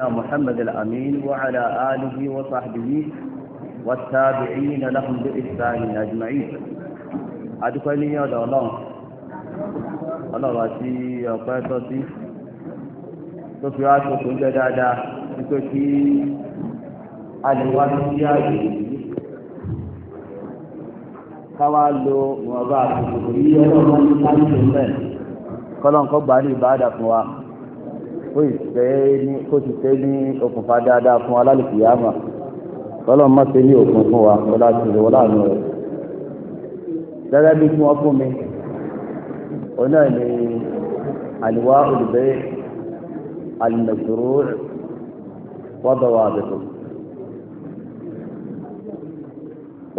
محمد الأمين وعلى آله وصحبه والتابعين لهم بإحسان أجمعين أدخل لي هذا الله الله رأسي وقيتتي تفعات وكنت دادا تكي الواسيات kawalo wọn bá àtúntò yíyọ ọlọ́run ní sáyẹnsì mẹ kọlọn kọ gbà ìbáàdà fún wa kó sì tẹ́ ní okùnfà dáadáa fún alálùkìyàmà lọ́lọ́ má ṣe ní òkun fún wa wọ́n láti rẹ̀ wọ́n láàánú rẹ̀ gẹ́gẹ́ bí wọ́n fún mi òun náà ni àlùwá olùbẹ́ àlùmẹ̀sòrò wọ́dọ̀ wà bẹ̀tọ̀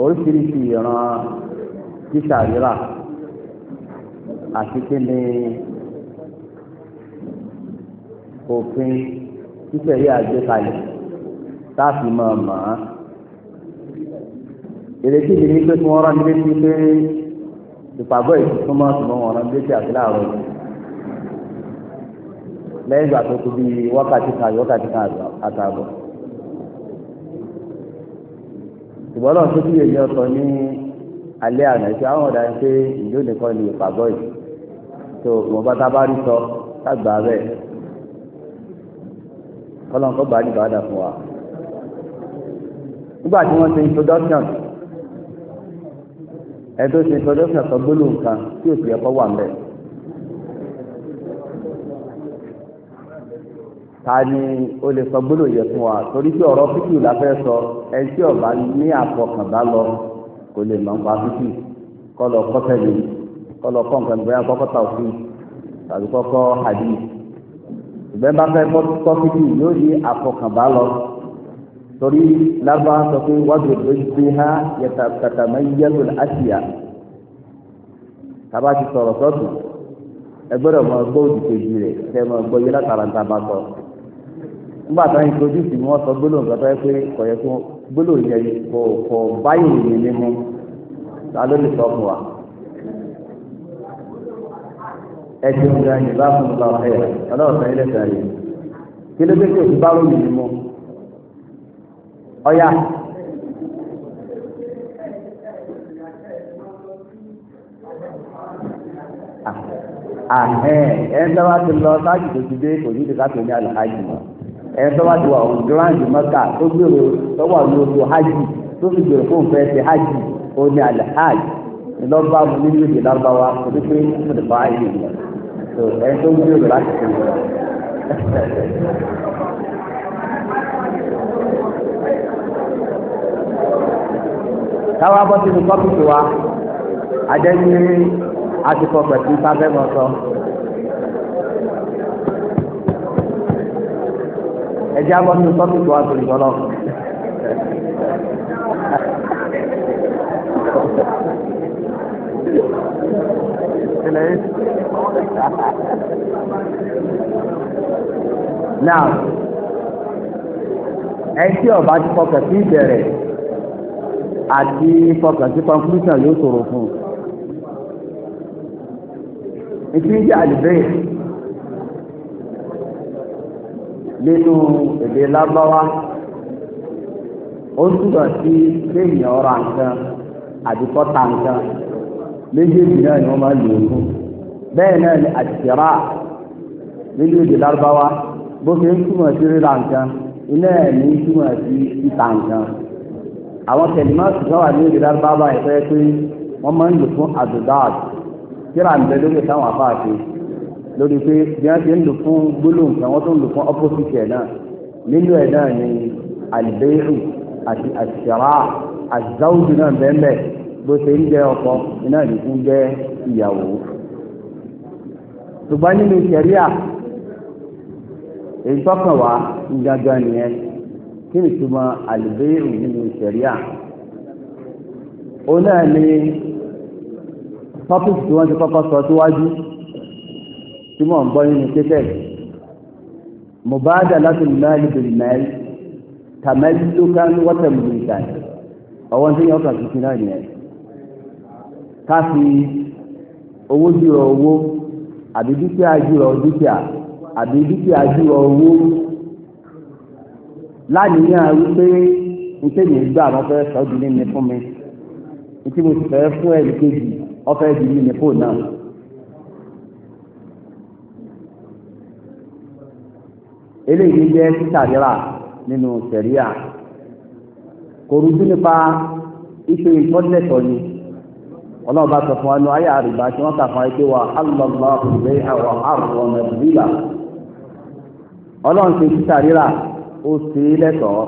oríṣiríṣi ìran títà rírà àti kí ni òfin títẹ̀lé àgbékalẹ̀ táàfin máa mọ̀ á. ìrètí mi ní pé kí wọ́n rán mi létí pé ìpàgọ́ ìtútù máa tún wọn rán mi létí àti láàárọ̀ yìí. lẹ́yìn ìgbà tó kú bí wákàtí kan àbí wákàtí kan àtààbọ̀. ìgbọ́n náà tó kí èmi ọ̀tọ̀ ní alẹ́ àná ṣe àwọn ọ̀dà ń pé ìlú nìkan ni ìpàgọ́ yìí. tó ìwọ̀nba tá a rí sọ ká gbà bẹ́ẹ̀ ọlọ́run kọ́ gbà á dìbò àdà fún wa. nígbà tí wọ́n ṣe introduction ẹ tó ṣe introduction sọ gbólóhùn kan tí òsì ẹ̀kọ́ wà ń bẹ̀. ta ni o lè sọ gbólóhùn yẹ fún wa torí pé ọ̀rọ̀ fífi la fẹ́ sọ ẹ tí ọ̀bá ní àfọkànbá lọ kò lè mọ̀ nípa fífi kọ́ lọ kọ́ tẹ̀lé kọ́ lọ kọ́ nǹkan bóyá kọ́kọ́ tà òfin tàbí kọ́kọ́ hadith ìgbẹ́ bá fẹ́ tọ́síkì yóò di àfọkànbá lọ torí lábá sọ pé wájú ìgbésí ha yẹta tàtàmẹ́ yẹ́lò àṣìyà tábà ti sọ̀rọ̀ sọ́tù ẹgbẹ́rẹ́ ọmọ gbọ́ òdìkejì rẹ̀ kẹ́ ẹ mọ gbọ́ yẹ látara níta bá sọ nígbà táwọn ìtọ́jú sì ni wọ́n sọ gbólóhùn kan tó yẹ pé kò yẹ kó gbólóhùn yẹ kò kò báyìí nìyí mímú ta ló lè sọ fún wa ẹjọ́ ìgbà yìí bá fún ọba ọ̀hẹ́ ọlọ́ọ̀sán ilé ìgbà yìí kí ló dé tí òkú bá ròyìn ní mu ọ̀yà. ahẹ́n ẹ̀ńtọ́ wa ti lọ sáàjì tó ti dé kò ní ìdíkà tó ní alhaji mọ́ ẹ̀ńtọ́ wa ti wà ọ̀hún gíráǹdì mọ́ta tó gbèrò tó wà oṣù hajj tó fi gbèrò fún fẹ́ ṣe hajj ó ní alhaji ìlọ́ba mu nínú ìdílé lárúbáwá kò ní pé kò ní bá ayé ìlú tó ẹni tó gbèrò láti ṣe ìgbà. táwa bọ́ sínú kọ́pìtì wa adẹ́ni àsìkò pẹ̀lú sábẹ́ mọ́ sọ. ẹjẹ́ abọ́ sínú kọ́pìtì wa tó ìjọ Thank you ilẹ̀ yìí. Now, ẹtí ọba ti fọkàn sí ìbẹ̀rẹ̀ àti fọkàn sí conclusion yóò ṣòro fún un. Ìpínjẹ́ àlùbẹ́yẹ̀ nínú èdè lábáwá ó túbọ̀ sí kéèyàn ọ̀ra nǹkan àdìkọ́ta nǹkan méjèèjì náà ni wọ́n máa lò fún bẹ́ẹ̀ náà ni àtìrà méjèèjì lárúbáwá bó ṣe ń túmọ̀ sí rírà nǹkan iná ẹ̀ ní túmọ̀ sí ìta nǹkan àwọn kẹlímọ́ọ̀sì sọ́wà ní èdè lárúbáwá ẹ̀ fẹ́ pé wọ́n máa ń lò fún àdùdáàd kíra ń bẹ lórí táwọn afáàṣe lórí pé bí wọ́n ti ń lò fún gbólóhùn kan wọ́n tún lò fún ọ́pọ́sìtì ẹ̀ náà nínú ẹ̀ náà ni àlìbẹ́rù àti àtìrà àti záwùjú náà bẹ́ẹ̀ bó ṣe rí jẹ ọkọ iná ìdínkù jẹ ìyàwó ṣùgbọ́n nínú ṣẹ̀ríà èyí tọ́kàn wá ń gangan nìyẹn kí ni túmọ̀ àlùbẹ́rù nínú ṣẹ̀ríà ó náà ní tọ́pìkì tí wọ́n ti kọ́kọ́ sọ síwájú tí mò ń gbọ́ nínú kéfẹ́ mùbáàdà láti mẹ́rin bìrì mẹ́rin tàmẹ́lì lókàn wọ́tẹ̀ mùbìrì tàn ọwọ́n tí yẹn ọkàn tuntun náà nìyẹn ká fi owó jùlọ owó àbí dúkìá jùlọ dúkìá àbí dúkìá jùlọ owó láníyàn wípé ntẹ́ni gbà wọ́n fẹ́ sọ di mímí fún mi ntí mo sì fẹ́ fún ẹ̀rí kejì ọ̀fẹ́ di mímí fún náà. eléyìí jẹ́ títàdíra nínú sẹ̀ríà kò rújú nípa ife ìtọ́lẹ̀tọ̀ ni ọlọ́run bá sọ fún wa ní ayé àrìbá tí wọ́n kà fún wa pé wà alọ́lọ́ ìwé àwọn àrùn rìbá ọlọ́run ṣe títà rírà ó ṣe é lẹ́tọ̀ọ́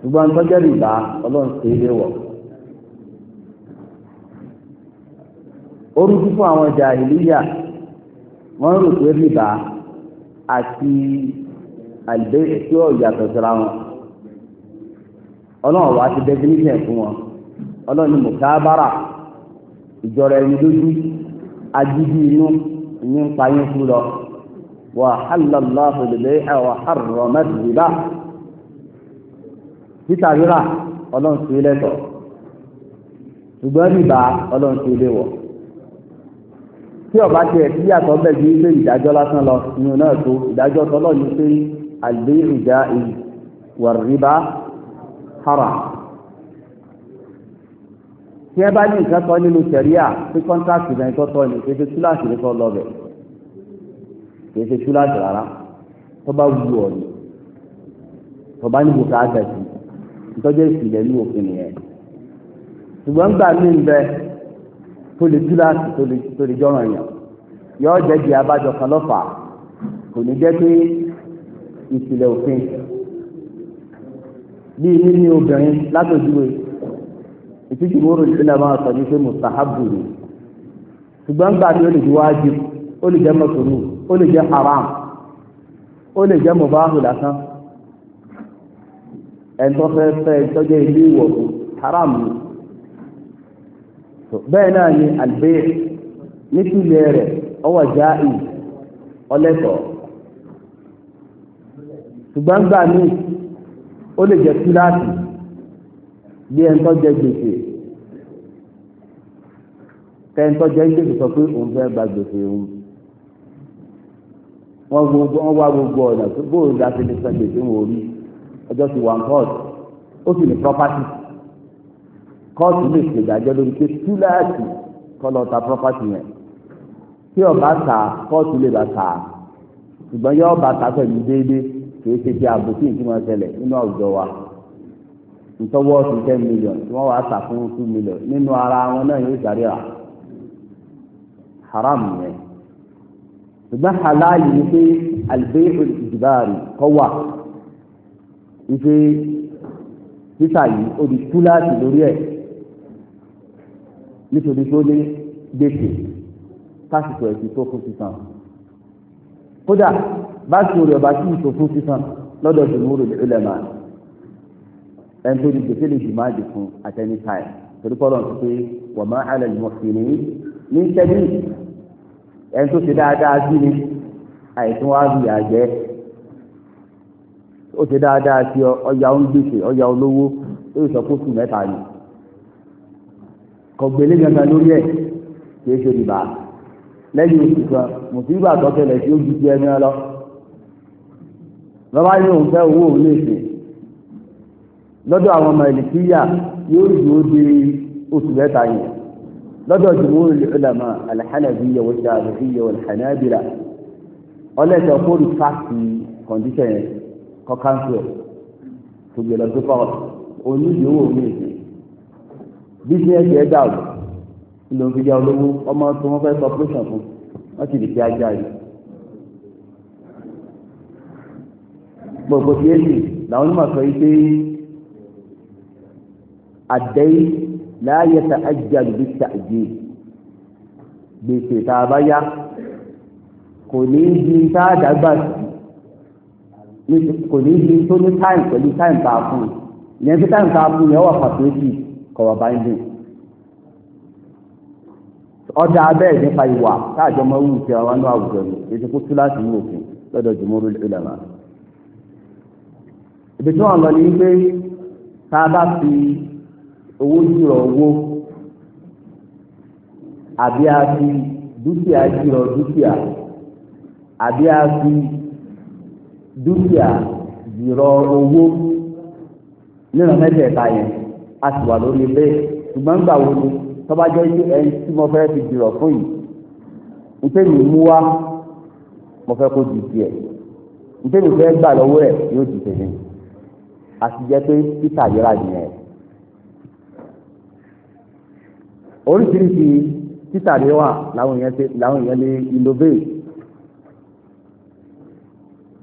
ṣùgbọ́n tọ́jọ́ rìbá ọlọ́run ṣe é léwọ̀ orúkú fún àwọn jàhílíyà wọ́n rò pé rìbá àti àlùbẹ́ tí ó yàtọ̀ síra wọn ọlọ́run wá ti definition fún wọn ọlọ́run ní mùtábàrà ìjọra ẹni lójú agídí inú ní ń payín fún lọ wà hàlàláhù lèlẹ́ ẹ̀wà hàrọ̀mẹ́tìrìbá títà rírà ọlọ́run sí lẹ́tọ̀ ṣùgbọ́n rìbá ọlọ́run sí léwọ̀ tí ọba tí ẹ tíyàtọ̀ bẹ̀ ju ìdájọ́ lásán lọ inú náà tó ìdájọ́ tọ́lọ́ ní pé àgbé ìjà ìwà rìbá haram tí ẹ bá ní nǹkan tọ́ nínú sẹ̀ríà pé kọ́ńtàkì rẹ̀ tó tọ́ ni kéde túláàsì ní kọ́ lọ́bẹ̀ kéde túláàsì rárá tó bá wù ọ́ ni tó bá ní bùkátà sí ìtọ́jú ìsìlẹ̀ ní òfin nìyẹn ṣùgbọ́n gbà mí ń bẹ tó lè túláàsì tó lè jọ́ràn yàn yọ́ọ́ jẹ́ di abájọ kan lọ́fà kò ní jẹ́ pé ìsìlẹ̀ òfin bíi níní obìnrin látòjúwe ìtìjú ìwúrò ìṣẹ̀lẹ̀ máa sọ ní pé mustahabu ni ṣùgbọ́n gbà tí ó lè jẹ́ wájib ó lè jẹ́ mọ̀tòrò ó lè jẹ́ haram ó lè jẹ́ mubahu lásán ẹ̀ńtọ́ fẹ́ fẹ́ ìtọ́jẹ́ ilé ìwọ̀kù haram ni bẹ́ẹ̀ náà ni àlùbẹ́ nítìlẹ̀ rẹ̀ ọwọ́ jáì ọlẹ́tọ̀ ṣùgbọ́n gbà míì ó lè jẹ́ kíláàsì bí ẹni tó jẹ gbèsè kẹ́ni tó jẹ gbèsè sọ pé òun fẹ́ gba gbèsè òun wọ́n gbogbo wọ́n wá gbogbo ọ̀nà tó bóòlù láti lè san gbèsè òun orí ọjọ́ ti wà ń kọ́ọ̀tù ó sì ní property kóòtù lè ṣèdájọ́ lórí pé túláàsì kọlọ ta property yẹn tí ọba ta kóòtù lè bá ta ṣùgbọ́n yọ ọba ta pẹ̀lú déédéé kìí ṣe ti ààbò tí ṣẹlẹ̀ nínú àwùjọ wa ntọ́wọ́ sí ten million tí wọ́n wá sà fún two million nínú ara wọn náà yóò sáré rà haram yẹn ṣùgbọ́n halali ni pé alibẹ́yẹ̀ ìdìbàrì kọ́ wà wípé títà yìí ó di túláàsì lórí ẹ̀ nítorí tó ní gbèsè kásìkò ẹ̀sìn tó fún sísan kódà bá sọ̀rọ̀ ọba tí ìṣòfún sísan lọ́dọ̀ jùmúrù ulama ẹni tó di gbèsè lè jùmọ̀ àjò fún at any time torí kọ́lọ̀ tó pé wa ma 'ala al-muhsinin ní sẹ́ni ẹni tó ṣe dáadáa sí ni àìsàn wa rí àjẹ́ ó ṣe dáadáa sí ọjà ń gbèsè ọjà olówó ó yẹ sọ fún oṣù mẹ́ta ni kọ̀gbélé gangan lórí ẹ̀ kì í ṣe ìbá lẹ́yìn oṣù kan mùsùlùmí àtọ́kẹ́lẹ̀ tí ó ju ti ẹni lọ lọ́ba ní òun fẹ́ owó òun lè sìn lọ́dọ̀ àwọn ọmọ ìlìkíyà yóò dúró de oṣù mẹ́ta yẹn lọ́dọ̀ jùmọ̀ ìlànà alhànàbíyà wọ́n ṣe àbẹ̀fíyà wọ́n hànàbíra ọlẹ́tọ̀ kó rí fáàkì kọ̀ǹdíṣẹ̀ yẹn kọ́ káńsù ẹ̀ tó gbé lọ sí fọ́ọ̀ onídìíwò mi ìsìn bísíǹsì ẹ̀ dà o ìlò òfìdí olówó ọmọ tó wọ́n fẹ́ sọ pẹ́sàn fún wọ́n sì lè fi ajá yìí. gbogbo tí èyí làwọn onímọ̀ sọ yìí àdéhì láàyè tá a jẹ àlùbíṣà àjẹ gbèsè tá a bá yá kò ní í di tá a dàgbà sí kò ní í di tó ní táìm pẹ̀lú táìm tá a fún un ìyẹn tí táìm tá a fún un yẹn wà pàtóòjì kọ̀wọ̀ bá dùn. ọjà abẹ́ẹ̀ nípa ìwà táàjọ mọ́ wù sí àwọn àwọn àwùjọ ni ètò kó túláàsì ní òfin lọ́dọ̀ jùmọ́rú ìlànà. ibi tí wọ́n lọ ní pé tá a bá fi owó jùlọ owó àbí a fi dúkìá jùlọ dúkìá àbí a fi dúkìá jùlọ owó nínú mẹ́tẹ̀ẹ̀ta yẹn a sì wà lórí bẹ́ẹ̀ ṣùgbọ́n gbà wo ni tọ́ba jẹ́ ẹni tí mo fẹ́ fi jùlọ fún yìí ntẹ́mi mú wá mo fẹ́ kó di tiẹ̀ fẹ́ gbà lọ́wọ́ rẹ̀ yóò di àti jẹ́ oríṣiríṣi títà ní wà láwọn èèyàn lè innovate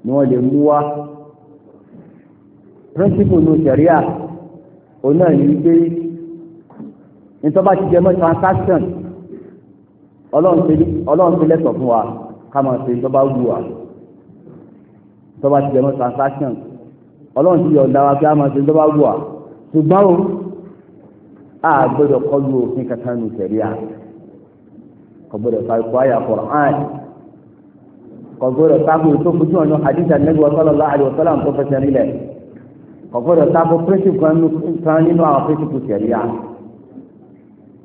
ni wọ́n lè mú wá principle nu sẹ̀ríà òun náà ní wípé nítorí bá ti jẹ mọ́ transaction ọlọ́run ti lẹ́tọ̀ fún wa ká máa ṣe tó bá wù wá tó bá ti jẹ mọ́ transaction ọlọ́run ti yọ̀ǹda wa kí a máa ṣe tó bá wù wá ṣùgbọ́n o a gbọ́dọ̀ kọlu òfin kankan nù sẹríà kò gbọ́dọ̀ fàkọ àyà Qur'an kò gbọ́dọ̀ sábò tó fojú ọ̀nà àdìsá nẹ́gbẹ̀ẹ́ sallallahu alaihi wasallam tó fẹsẹ̀ nílẹ̀ kò gbọ́dọ̀ sábò píríṣìpù kan nínú àwọn píríṣìpù sẹríà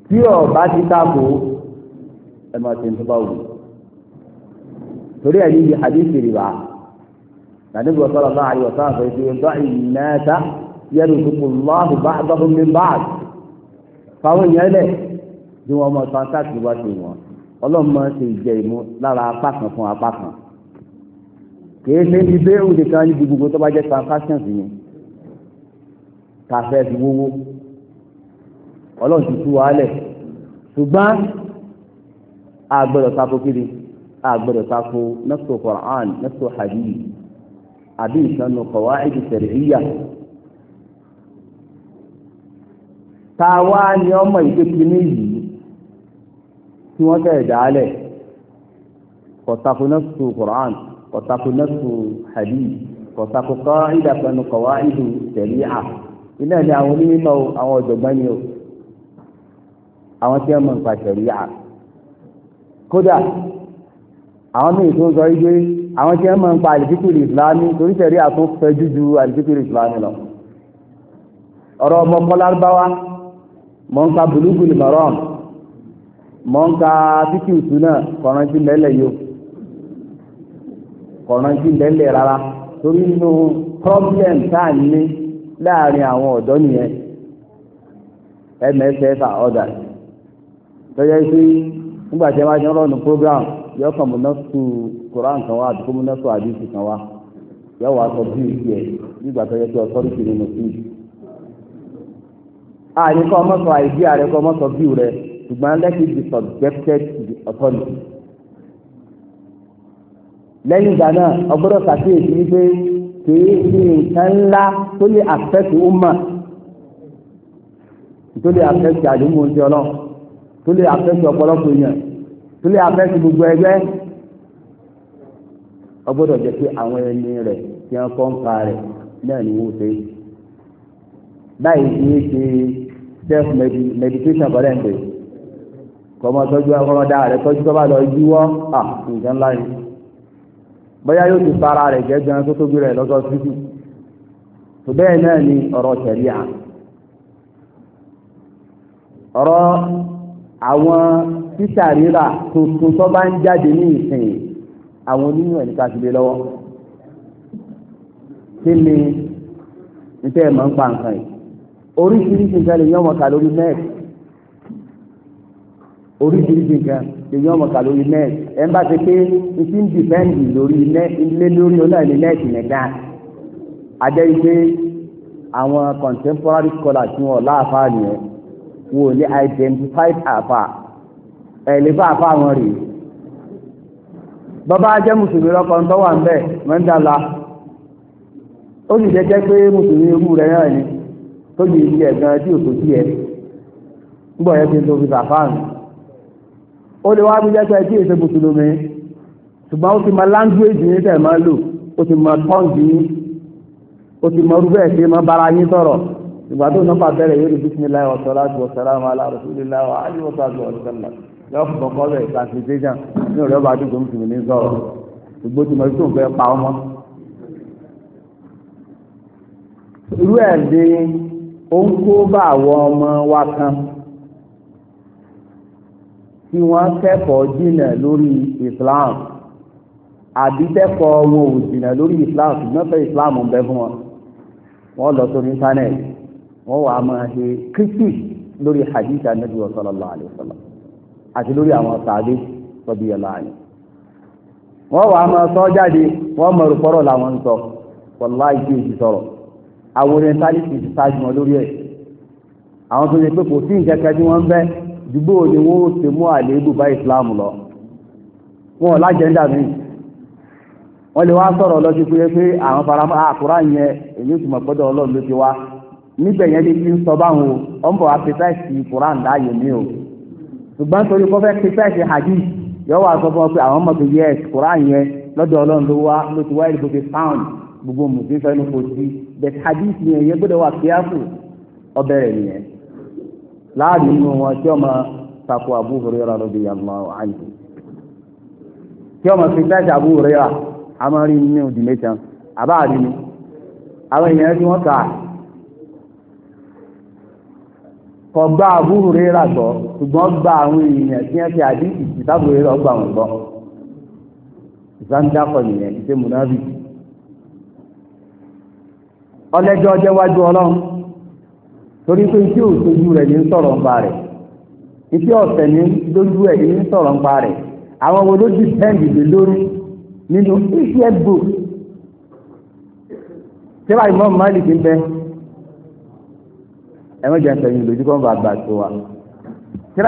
tí ọba ti sábò ẹ máa ṣe ń tó bá wù torí ẹ̀ níbi àdìsí rìbá nàdìbò sallallahu alaihi wasallam fẹsẹ̀ dọ́ ìnáta yẹnu tó kù lọ́ọ̀bù bá fáwọn èèyàn lẹ̀ bí wọ́n mọ transact bá ṣe wọ́n ọlọ́run máa ń ṣe ìjẹ ìmú lára apá kan fún apá kan kìí ṣe ní bẹ́ẹ̀rù nìkan níbi gbogbo tó bá jẹ́ transactions ni kàfẹ́ fi wówó ọlọ́run ti tú wàhálẹ̀ ṣùgbọ́n àgbẹ̀rọ̀ tako kiri àgbẹ̀rọ̀ tako nọ́ọ̀sì Qur'an nọ́ọ̀sì hadith àbí ìsànnù kọ̀wá ìdí yíyà ta wá ní ọmọ ìpèkì ní yìí tí wọ́n tẹ̀ dálẹ̀ kọ̀tàkù nọ́ọ̀sù Qur'an kọ̀tàkù nọ́ọ̀sù hadith kọ̀tàkù kọ́ ìdàpẹ̀nu kọ̀wá ìlú tẹ̀lé-à iná ni àwọn onímọ̀ àwọn ọ̀jọ̀gbọ́n ni o àwọn tí wọ́n mọ̀ nípa tẹ̀lé kódà àwọn míì tó ń sọ wípé àwọn tí wọ́n mọ̀ nípa àlìfíkìrì ìsìlámì torí tẹ̀lé tó fẹ́ jújú àlìfíkìrì ìsìlámì lọ ọ̀rọ̀ ọmọ kọ́lárúbáwá mọ̀ ń ka bulugul maram mọ̀ ń ka títí ìtú náà kọ̀ọ̀rán tí lẹ́lẹ̀ yó kọ̀ọ̀rán tí lẹ́lẹ̀ rárá torí nínú problem tá à ń ní láàrin àwọn ọ̀dọ́ nìyẹn mss ọ̀dà tọ́jà sí nígbà tí a bá ti ń program yọ kàn múná su koran kan wá àti múná su àdìsí kan wá yọ sọ bí ìsì ẹ̀ nígbà tó nínú fíìsì. a ọmọ sọ àìdí ààrẹ kọ́ ọmọ sọ bíu rẹ ṣùgbọ́n let it subjected to the authority. lẹ́yìn ìgbà náà ọgbọ́dọ̀ ṣàkíyèsí wípé kìí ṣe nǹkan ńlá tó lè affect umma tó lè affect àdúgbò ti tó lè affect ọ̀pọ̀lọpọ̀ èèyàn tó lè affect gbogbo ẹgbẹ́ ọgbọ́dọ̀ jẹ́ pé àwọn ẹni rẹ̀ wọ́n kọ́ self meditation for ń pè kọ́mọ tọ́jú ọmọ dáa rẹ̀ tọ́jú tó bá lọ yíwọ́ à nǹkan ńlá yìí bóyá yóò ti para rẹ̀ jẹ́ gan tó tóbi rẹ̀ lọ́jọ́ títì tó bẹ́ẹ̀ náà ni ọ̀rọ̀ tẹ̀lé à ọ̀rọ̀ àwọn títà rírà tuntun tó bá ń jáde ní ìsìn àwọn onímọ̀ ẹ̀ka ti lé lọ́wọ́ kí ni níta ẹ̀ máa ń pa nǹkan yìí oríṣiríṣi nǹkan lè yán ọmọkà lórí nẹ́ẹ̀tì oríṣiríṣi nǹkan lè yán ọmọkà lórí nẹ́ẹ̀tì ẹ̀ ń bá ti pé n ti ń dìpẹ́ǹdì lórí ilé lórí onáìní nẹ́ẹ̀tì nìkan adẹ́rí pé àwọn contemporary scholars tí wọ́n láàfáà nìyẹn wò ní identified àfà ẹ̀ lè bá àfà wọn rèé bàbá jẹ́ mùsùlùmí lọ́kàn tó wà ń bẹ̀ mẹ́ńdàlá ó sì jẹ́ pé mùsùlùmí irú rẹ̀ náà ni tó lè rí ẹ̀ gan tí òtò sí ẹ nígbà yẹn ti ń tóbi sàfáàn ó lè wá bí jẹ́ pé tí èso mùsùlùmí ṣùgbọ́n ó ti mọ láńgúwèjì yín tẹ̀ máa lò ó ti mọ tọ́ǹgì yín ó ti mọ rúbẹ̀ ṣe mọ bára yín sọ̀rọ̀ ìgbà tó náà bàbẹ̀rẹ̀ yóò rí bísímilláhi wa salatu wa salamu ala rasulillahi wa alihi wa sahbihi wa sallam yóò fún ọkọ rẹ̀ transportation ní ọ̀rẹ́ ọba àdúgbò mùsùlùmí sọ̀rọ̀ ìgbó tí mo tó fẹ́ pa ọmọ ó ń kó bá àwọn ọmọ wa kan tí wọ́n kẹ́kọ̀ọ́ jìnà lórí Islam àbí kẹ́kọ̀ọ́ wọn ò jìnà lórí Islam ṣùgbọ́n fẹ́ Islam ń bẹ fún wọn wọ́n lọ sórí íńtánẹ́ẹ̀tì wọ́n wàá máa ṣe critic lórí hadith anabi wa sallallahu alayhi wa sallam àti lórí àwọn sàbí sọbi ẹ̀la ni wọ́n wàá máa sọ jáde wọ́n mọ̀ làwọn ń sọ wàláì kí èsì sọ̀rọ̀. àwọn orientalist ti ṣáájú wọn lórí ẹ̀ àwọn tó ṣe pé kò sí nǹkan kan tí wọ́n ń bẹ́ dùgbò ni wọ́n ó ṣe mú àléébù bá islam lọ wọn ò lájẹ́ńdà mi wọ́n lè wá sọ̀rọ̀ lọ́sí pé pé àwọn faramọ́ àkúrá ah, yẹn èyí sì mọ̀ pọ́dọ̀ ọlọ́run ló ti wá níbẹ̀ yẹn lè fi ń sọ báwọn o ọ̀n bọ̀ láàyè mi o ṣùgbọ́n torí kọ́ fẹ́ pẹ́tẹ́sì hadith yọ wà sọ fún ọ pé àwọn ọmọ tó yẹ yẹn lọ́dọ̀ ọlọ́run ló wá ló ti wá ìdìbò ti gbogbo mùsùlùmí fẹnu kò sí bẹ hadith yẹn yẹn gbọ́dọ̀ wà kíákù ọbẹ rẹ nìyẹn láàrin nínú wọn tí ọmọ takò Abu Hurairah radiyallahu anhu tí ọmọ fi fẹsẹ Abu Hurairah amari nínú ìdílé tán àbáàrí ni àwọn èèyàn tí wọn kà á kọ gba Abu Hurairah gbọ́ ṣùgbọ́n gba àwọn èèyàn tí wọn fi hadith ìtàbùrẹ rà gbà wọn gbọ́ ìsàmìdàkọ nìyẹn ìṣe ọlẹ́jọ́ ọjọ́ ọlọ́run torí pé tí ò sojú rẹ̀ ní sọ̀rọ̀ ńpa rẹ̀ ìfẹ́ ọ̀sẹ̀ ní lójú ẹ̀ ní sọ̀rọ̀ ńpa rẹ̀ àwọn wo ló ti lórí nínú iṣẹ́ bò tẹ́wà ìmọ̀ mọ́lì ti bẹ ẹ̀wọ́n jẹ́ sẹ́yìn lójú kọ́ bá gbà tó wa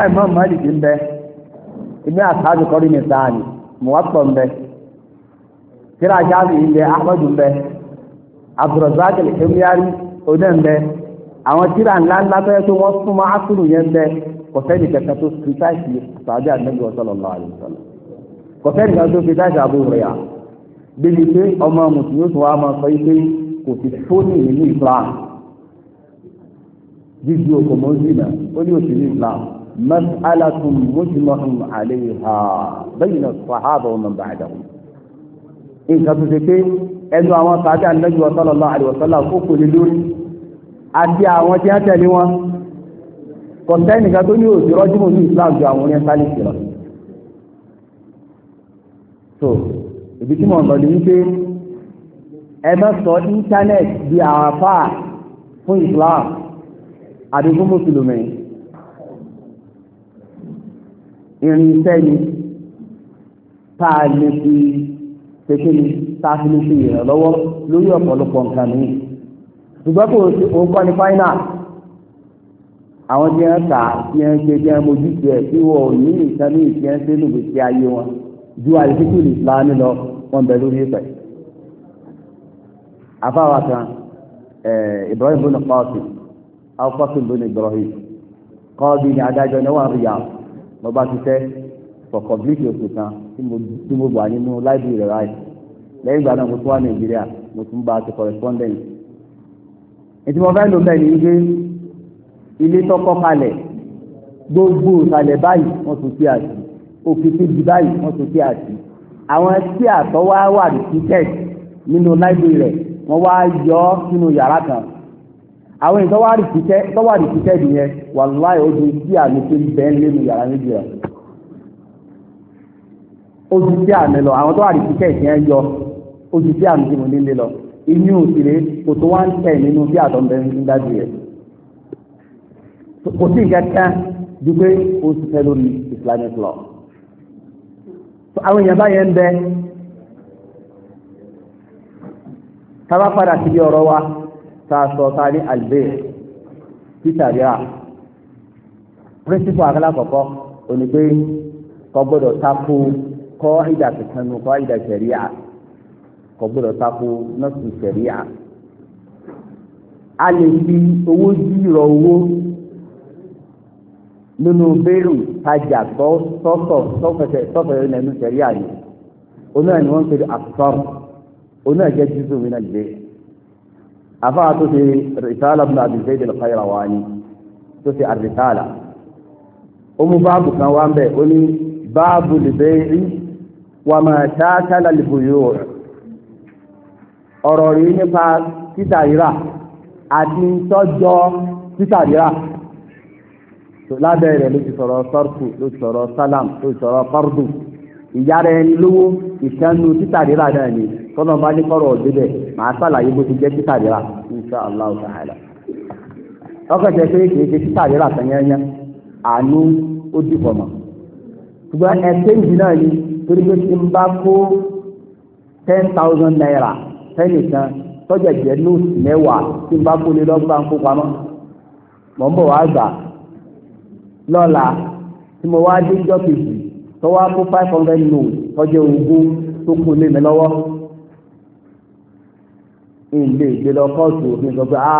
ìmọ̀ mọ́lì ti bẹ ìgbẹ́ sáà abdulrasaq al-himyari onímbẹ àwọn tíra ńlá ńlá tó yẹ kó wọ́n súnmọ́ asúrù yẹn bẹ kò sẹ́ni kẹta tó fi táìsì sàbí àdébí sallallahu alaihi wasallam kò sẹ́ni kẹta tó fi táìsì àbúrò yà débi pé ọmọ mùsùlùmí tó wà máa sọ yìí pé kò sì fóònù nínú islam jíjí okò mọ́ zina ó ní òsèlú islam mas'alatun mujma'un alayha bayna as-sahaba wa man ba'dahum nǹkan tó ṣe pé ẹnu àwọn sàájà nẹ́bí sallallahu alaihi wasallam kó lórí àti àwọn tí wọ́n tẹ̀lé wọn kò sẹ́nìkan tó ní òsì rọ́júmọ̀ ní Islam ju àwọn oníyẹn sálẹ̀ sí lọ. so ibi tí mo ń lọ ni wípé ẹ má sọ íńtánẹ́ẹ̀tì di àwàfà fún Islam àti fún mùsùlùmí irinṣẹ́ ni tá a lè fi pété ni táàfin ṣe ìrànlọ́wọ́ lórí ọ̀pọ̀lọpọ̀ nǹkan mi ṣùgbọ́n kò sí òun kọ́ ní fáínà àwọn tí wọ́n ta tí wọ́n ṣe tí wọ́n mojú tiẹ̀ tí wọ́n ò ní nìkan ní ìṣe ń ṣe lùgbé sí ayé wọn ju àìsíkú ìsìlámù lọ wọn bẹ lórí ìpẹ́. afáwa kan Ibrahim bin Qasim alqasim bin Ibrahim kọ́ọ̀bì ní adájọ́ ní wàá rí ya ti tẹ́ kọ̀kọ̀ bíríkì oṣù kan tí mo wà nínú láìbírì rẹ̀ ráì lẹ́yìn ìgbà náà mo tún wà nàìjíríà mo tún bá ti correspondent. ètò wọn fẹ́ lò bẹ́ẹ̀ ni wípé ilé tọ́kọ́ kalẹ̀ gbogbo ìsàlẹ̀ báyìí wọ́n tún sí àti òkè kejì báyìí wọ́n tún sí àti àwọn tí àtọ́ wá wà ní ticket nínú láìbírì rẹ̀ wọ́n wá yọ ọ́ sínú yàrá kan àwọn ìtọ́wárì títẹ́ tọ́wárì títẹ́ nìyẹn wàlúwàá yóò di sí àmì tó ń bẹ́ẹ̀ lẹ́nu yàrá méjì rẹ̀ ojú tí àmì lọ àwọn tó wà ní kíkẹ́ ìsìn yọ ojú tí àmì tí mo nílé lọ inú òsèré kò tó wá ń tẹ̀ nínú bí àtọ̀nbẹ ń dájú rẹ̀ kò sí nǹkan kan ju pé ó ti fẹ́ lórí Islamic law àwọn èèyàn báyẹn ń bẹ tábà padà síbi ọ̀rọ̀ wa tá a sọ ta ní albert títàríà pírísìpù àkàlà kọ̀kọ́ òní pé kò gbọ́dọ̀ takú kọ́ ìdà kankan nu kọ́ ìdà sẹ̀ríà kò gbọ́dọ̀ tako nọ́ọ̀sì sẹ̀ríà a lè fi owó jírọ̀ owó nínú bẹ́ẹ̀rù tajà tọ́sọ̀ tọ́fẹ̀ẹ́ nínú sẹ̀ríà yìí onú ẹ̀ ni wọ́n ń pè àtọ́rọ̀ onú ẹ̀ jẹ́ jésù mi náà lè afa to se risala ibn abi zaid al-qayrawani to se ar-risala umu babu kan wa nbe oni babu li bai'i wàmà ṣáṣálà lìbòyò ọ̀rọ̀ rí nípa títà àti tọ́jọ́ títà tó lábẹ́ rẹ̀ ló ti sọ̀rọ̀ sọ́rkù ló ti sọ̀rọ̀ sálàm ló ti sọ̀rọ̀ ni tọ́nà bá ní kọ́rọ̀ màá sàlàyé bó insha allah ta'ala ọkọ̀ pé kìí ṣe ṣùgbọ́n ẹ̀kẹ́jì náà ni torí pé tí n bá kó ten thousand naira fẹ́nìkan tọ́jà jẹ́ nóòtù mẹ́wàá tí n bá kó lé lọ́gbà ń kó pamọ́ mọ̀ ń bọ̀ wá gbà lọ́la tí mo wá dé jọ́ kejì tó wá kó five hundred note tọ́jà ogún tó kó lé mi lọ́wọ́ ilé ìgbé lọ kóòtù òfin sọ pé a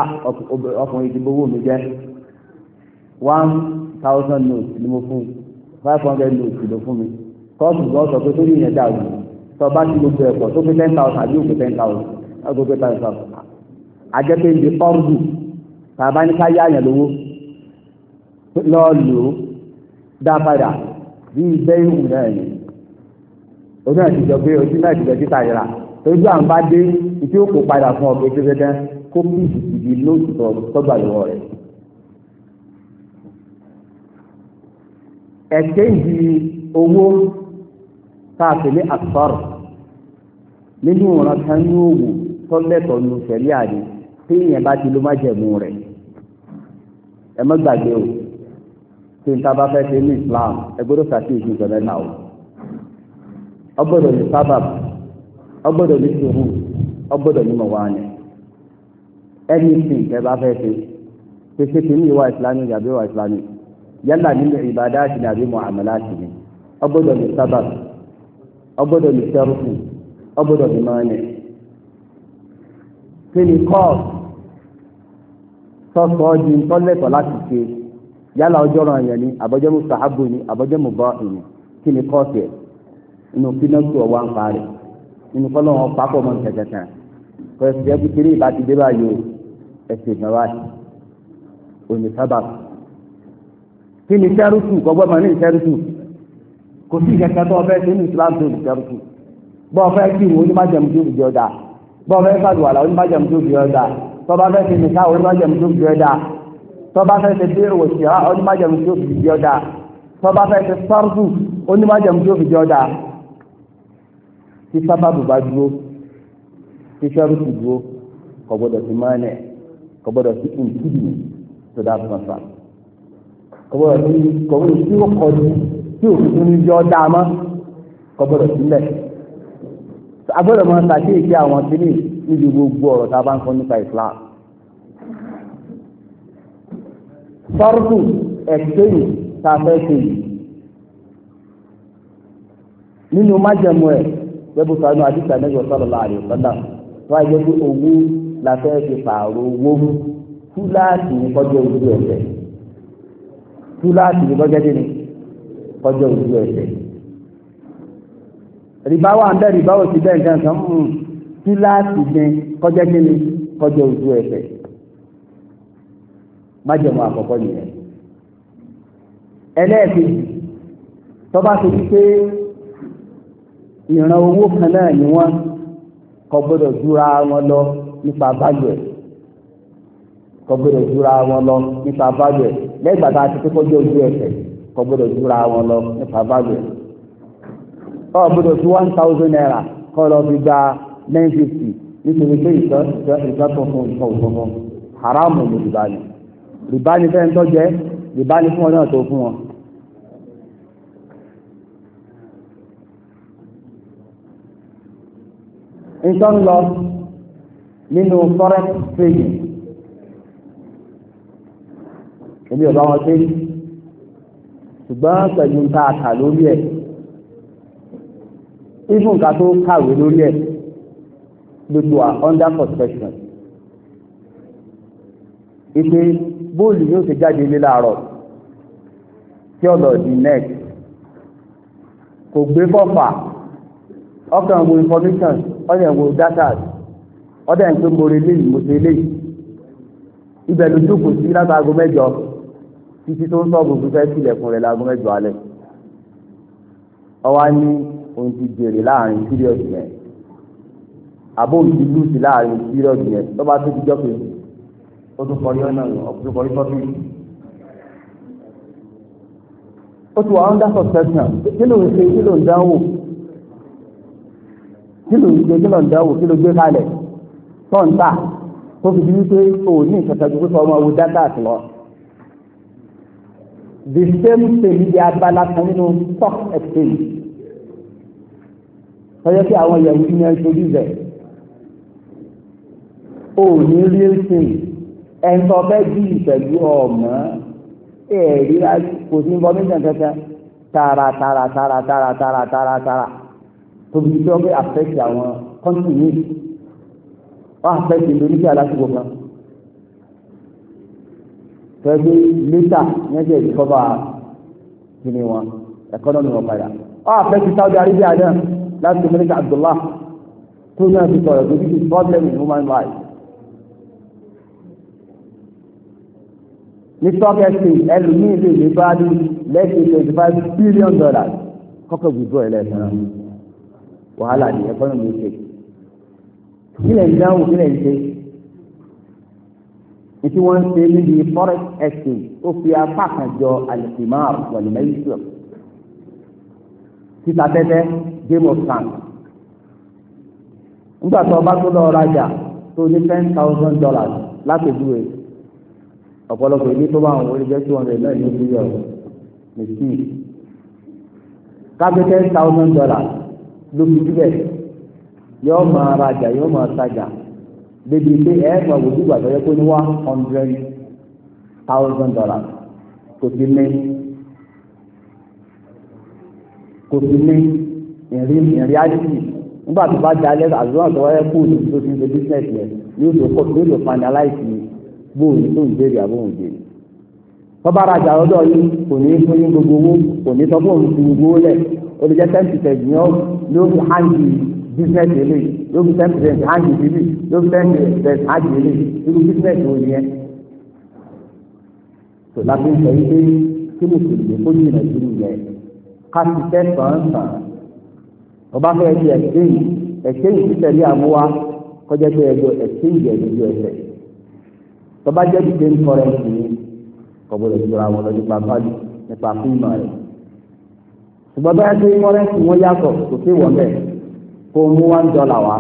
ọkùnrin ìdìbò owó mi jẹ́ one thousand note ni mo fún un five hundred ló kìlọ̀ fún mi kọ́ọ̀tù gan sọ pé sórí ìyẹn dàrú tó bá ti gbogbo ẹ̀kọ́ tó pé ten thousand àbí òkè ten thousand ẹ̀kọ́ pé ten thousand àjẹpẹ́ ibi pọ́ọ̀dù tàbá ní ká yá àyàn lówó lọ́ọ́ lò ó dá padà bí ibẹ́ ìhùn náà ni ojú náà ti jọ pé ojú náà ti jọ títà ìra ojú à ń bá dé ìtí ó kó padà fún ọ pé pé pé kó kí ìdìbò lóòtọ́ tọ́gbà lọ́wọ́ rẹ̀. ẹ̀kẹ́ǹdì owó káàkiri àtọ́rọ̀ nínú ọ̀ràn kan ní òwò tó lẹ́tọ̀ọ́ nu sẹ̀rí àdé tí èèyàn bá ti ló má jẹ̀mú rẹ̀ ẹ má gbàgbé o tí n ta bá fẹ́ ṣe ní Islam ẹ gbọ́dọ̀ ṣàkíyèsí ìjọba ẹ̀ náà o ọgbọ́dọ̀ ní sábàbù ọgbọ́dọ̀ ní sùúrù ọgbọ́dọ̀ ní mọ̀wáàní anything ẹ bá fẹ́ ṣe ṣe ṣe kì ní ìwà ìsìlámù yàgbé ìwà ìsìlámù yálà nínú ìbádà àti nàbí muamala àti ni ó gbọ́dọ̀ ní sábàb ó gbọ́dọ̀ ní sẹ́rùkù ó gbọ́dọ̀ ní mọ́ọ̀nì. kí ni kọ́ọ̀sì sọ́sọ́ di tọ́lẹ̀tọ̀ láti ṣe yálà ọjọ́ ni mustahabu ni mubahi ni kiri ti o kí ni sẹ́rùtù gbogbo ọmọ ní sẹ́rùtù kò sí ìkẹkẹ tó ọfẹ́ sí ní islam tó ní sẹ́rùtù bọ́ ọfẹ́ kí ìwò onímájẹ̀mú tó fi jọdá bọ́ ọfẹ́ fàdùwàlà onímájẹ̀mú tó fi jọdá tọ́ba fẹ́ sí nìka onímájẹ̀mú tó fi jọdá tọ́ba fẹ́ sí bí òṣìṣẹ́ onímájẹ̀mú tó fi jọdá tọ́ba fẹ́ sí sọ́rùtù onímájẹ̀mú tó fi jọdá tí sábàbù bá dúró tí sẹ́rùtù dúró kò gbọ́dọ̀ sí mọ́ẹ́nẹ̀ kò gbọ́dọ̀ sí ìtúdì tó dá fún ọ kọ̀bọ̀rọ̀ sí kọ̀bọ̀rọ̀ sí ó kọ ju tí òfin ní yọ dáa mọ́ kọ̀bọ̀rọ̀ sílẹ̀ agbọ́dọ̀ máa ṣàkíyèsí àwọn kíní níbi gbogbo ọ̀rọ̀ tá a bá ń kọ́ nípa Islam sọ́rùkù ẹ̀kẹ́yìn tá a fẹ́ ṣe yìí nínú májẹ̀mú ẹ̀ gẹ́gẹ́ sọ inú àdìsá nẹ́gbẹ̀ẹ́ sallallahu alaihi wasallam wọ́n á jẹ́ pé owó la fẹ́ fi pààrọ̀ owó fúláàtì ní kọjá ojú ẹ̀fẹ̀ túláàsì ní lọ́jọ́ dé ni ọjọ́ ojú ẹsẹ̀ rìbá wà ń bẹ́ rìbá ò sí bẹ́ẹ̀ nǹkan kan túláàsì hmm, ní kọjá dé ni kọjọ́ ojú ẹsẹ̀ májẹ̀mú àkọ́kọ́ nìyẹn ẹlẹ́ẹ̀kejì tọ́ba ṣe wípé ìran owó kan náà ni wọ́n kò gbọ́dọ̀ jura wọn lọ nípa báyọ̀ ẹ̀ kọgbọ́dọ̀ jura wọn lọ nípa bàjẹ́ lẹ́gbà tá a ti kọ́kọ́ jẹ́ ojú ẹsẹ̀ kọgbọ́dọ̀ jura wọn lọ nípa bàjẹ́ ọ gbọ́dọ̀ fi one thousand naira kọ́ lọ fi gba nine fifty nítorí pé ìtọ́ ìtọ́ tuntun ìtọ́ òfófó haramu ni rìbá ni rìbá ni fẹ́ẹ́ ń tọ́jẹ́ rìbá ni fún wọn náà tó fún wọn. nǹkan lọ nínú forex trading èmi ò bá wọn ṣe rí ṣùgbọ́n pẹ̀lú nǹkan àkà lórí ẹ̀ even nǹkan tó kàwé lórí ẹ̀ gbogbo à under construction ìpè bóòlù yóò ṣe jáde ilé láàárọ̀ tí ọ̀dọ̀ di next kò gbé fọ́fà ọkàn wo information ọ̀dẹ̀ wo data ọ̀dẹ̀ ń pé mo relé yìí mo ṣe eléyìí ibẹ̀ lójú kò sí látàgọ́ mẹ́jọ títí tó ń sọ̀bù fún fẹ́ tilẹ̀kùn rẹ̀ lágún mẹ́jọ alẹ́ ọwá ní òun ti jèrè láàrin píríọ̀dù yẹn àbó òun ti lùsì láàrin píríọ̀dù yẹn tó bá tó ti jọ́ pé ó tún kọrí ọ̀nà ọ̀pọ̀ tó kọrí tọ́tù yìí ó ti wà under suspension kí ló ń ṣe kí ló ń dánwò kí ló ń ṣe kí ló ń dánwò kí ló gbé kalẹ̀ tó tó fi di wípé òun ìṣẹ̀ṣẹ̀ tó fi the same thing di abala kan nínú stock exchange lọ́jọ́ pé àwọn ìyẹ̀wò ní ẹni torí rẹ̀ ò ní real thing ẹni tó fẹ́ bí ìpẹ̀lú ọ̀mọ́ ẹ̀ẹ́dí kò sí information kankan tààrà tààrà tààrà tààrà tààrà tààrà tààrà tóbi tí wọ́n fẹ́ affect àwọn country ní wọ́n affect Indonesia lásìkò kan fẹ́gbẹ́ lítà mẹ́jẹ̀ ìkọ́bà kìíní wọn ẹ̀kọ́nọ́mì wọn padà ọ́ àfẹ́ ti Saudi Arabia náà láti mẹ́ríkà Abdullah tó náà ti sọ̀rọ̀ pé this is problem in human life. ní stock exchange ẹlòmíì lè lè bá ní lẹ́sìn twenty five billion dollars kọ́kọ́ gbùdúrọ̀ ẹlẹ́sìn wàhálà ní ẹ̀kọ́nọ́mì ṣe. kí lè ń dáhùn kí lè ń ṣe ìtí wọ́n ń ṣe níbi forex exchange ó fi apá kan jọ alikimar wàlúmẹ́yìísọ̀ títa tẹ́tẹ́ game of chance nígbà tó o bá tó lọ rajà tó ní ten thousand dollars látòjúwe ọ̀pọ̀lọpọ̀ ilé tó bá wọn wọlé jẹ́ two hundred náà ní bílíọ̀n ní steve kápẹ́ ten thousand dollars ló fi síbẹ̀ yóò máa rajà yóò máa tajà débi pé ẹ̀ẹ́dùn àwòjú ìgbà tó yẹ kó ní one hundred thousand dollars kò sí ní kò sí ní ìrìn àjì nígbà tó bá dalẹ̀ àdúrà tó wáyé kú ní tó ti ń ṣe business yẹn yóò tó kọ́ yóò tó finalize bóòlù tó ń béèrè àbóhùn jèrè tọ́ba arajà lọ́dọ̀ yìí kò ní fún yín gbogbo owó kò ní sọ fún gbogbo owó lẹ̀ olùjẹ́ ten percent ní ọ́ ló ń hàn yìí bísíǹsì ilé yóò fi ten percent hajj ilé yóò fi ten percent hajj ilé irú bísíǹsì wo yẹn. tó láti ń sọ yí pé kí ni kò lè kó jìnnà sí ìyẹn ká ti tẹ́ sàn-sàn ọba fẹ́ di ẹ̀sìn ẹ̀sìn títẹ̀lé àmúwá kọjá pé ẹjọ́ ẹ̀sìn yẹn lójú ẹsẹ̀ tọ́ba jẹ́ the same currency ni kọ̀bọ̀lọ̀ ìjọra wọn lọ nípa value nípa fíìmù rẹ̀ ṣùgbọ́n bẹ́ẹ̀ pé currency wọn yàtọ̀ kò sí wọ́n bẹ́ẹ̀ kó mú one dollar wá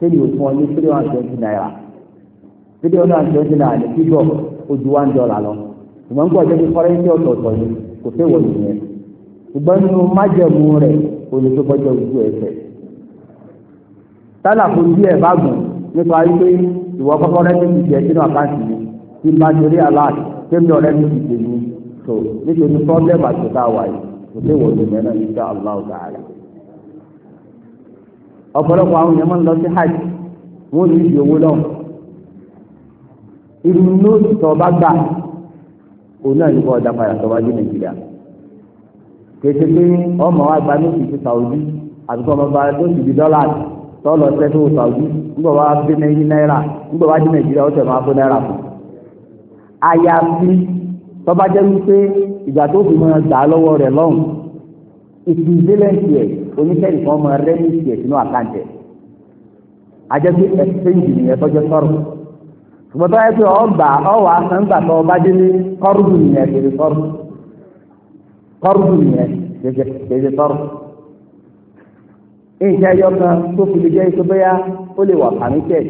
kéde òfin ọ ní three hundred twenty naira three hundred twenty naira ní fígọ̀ ojú one dollar lọ ìmọ̀ nípa ọjọ́ ní kọ́rẹ́ńtì ọ̀tọ̀ọ̀tọ̀ ni kò fẹ́ wọ̀ nìyẹn ṣùgbọ́n nínú májẹ̀mú rẹ̀ olùsọ́gbọ́jọ́ ojú ẹsẹ̀ tálàkù díẹ̀ bá gùn nípa wípé ìwọ kọ́kọ́ rẹ́ ti ti jẹ́ sínú àkáǹtì mi tí bá ti rí alert kémi ọ̀rẹ́ mi ti tèmi tó nítorí pọ́blẹ́mù àti ọ̀tá wa yìí kò sí ìwọ̀n ìgbẹ́ náà ní sá aláwọ̀ tààlà. ọ̀pọ̀lọpọ̀ àwọn èèyàn máa ń lọ sí hajj wọ́n ní ìdí owó lọ́wọ́ lóòtù gbà òun náà ní kó ọjà padà tó wájú nàìjíríà kété pé ọmọ wa gba lóòtù ti sàwùjú ọmọ bá lóòtù di dọ́là tó lọ sàwùjú nígbà wá ní náírà nígbà wá dé nàìjíríà ó tẹ̀ máa fún náírà fún. àyàfi tó jẹ́ wípé ìgbà tó fi máa oníṣẹ́ nìkan máa rẹ́ ní ìṣẹ̀ sínú àkáǹtẹ̀ ajẹ́ pé ẹ̀sìnjì nìyẹn tọ́jọ́ sọ̀rọ̀ ṣùgbọ́n tó yẹ pé ọgbà ọwà sàǹgbà tó ọba délé kọ́rùbù nìyẹn kéré sọ̀rọ̀ kọ́rùbù nìyẹn kéré sọ̀rọ̀ nǹkan ẹyọ kan tó fi lè jẹ́ iṣẹ́ bẹ́yà ó lè wà pàmítẹ̀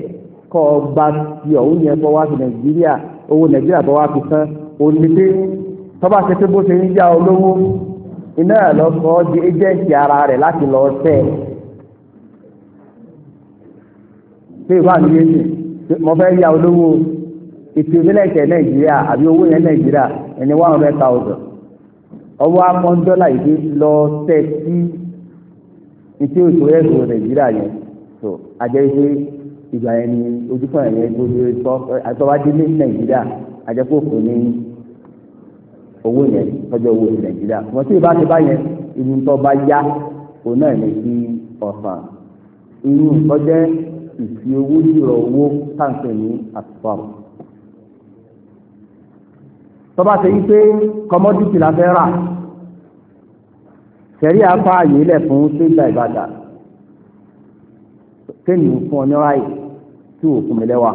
kọ́ ọba ti ọ̀hún yẹn bọ́ wá sí nàìjíríà owó nàìjíríà bọ́ wá fi san òní iná lọ́kọ́ di ẹ́jẹ̀ǹtì ara rẹ̀ láti lọ tẹ́ ẹ. pé wà mi yé sè mo fẹ́ ya olówó ètò ìbílẹ̀kẹ̀ nàìjíríà àbí owó yẹn nàìjíríà ẹni one hundred thousand ọwọ́ amọ́ńdọ́là lọ tẹ́ sí eti òtò ẹ̀rọ nàìjíríà yẹn tó àjẹ́ ìṣe ìgbà yẹn ni ojúkọ̀ yẹn gbogbo ní nàìjíríà owó yẹn tọ́jọ́ owó ilẹ̀ nàìjíríà wọ́n tí ìbá ti bá yẹn irú tó bá yá òun náà lè fi ọ̀sán irú tọ́jẹ́ ìfi owó yíyọ owó táǹkì ní àtúntò tọ́ba ṣe yí pé kọmọ́dítì la fẹ́ rà sẹ̀rí afá àyèlẹ̀ fún ṣẹ́gbà ìbàdàn kéènì fún ọ ní ráì tí ò fún mi lẹ́wà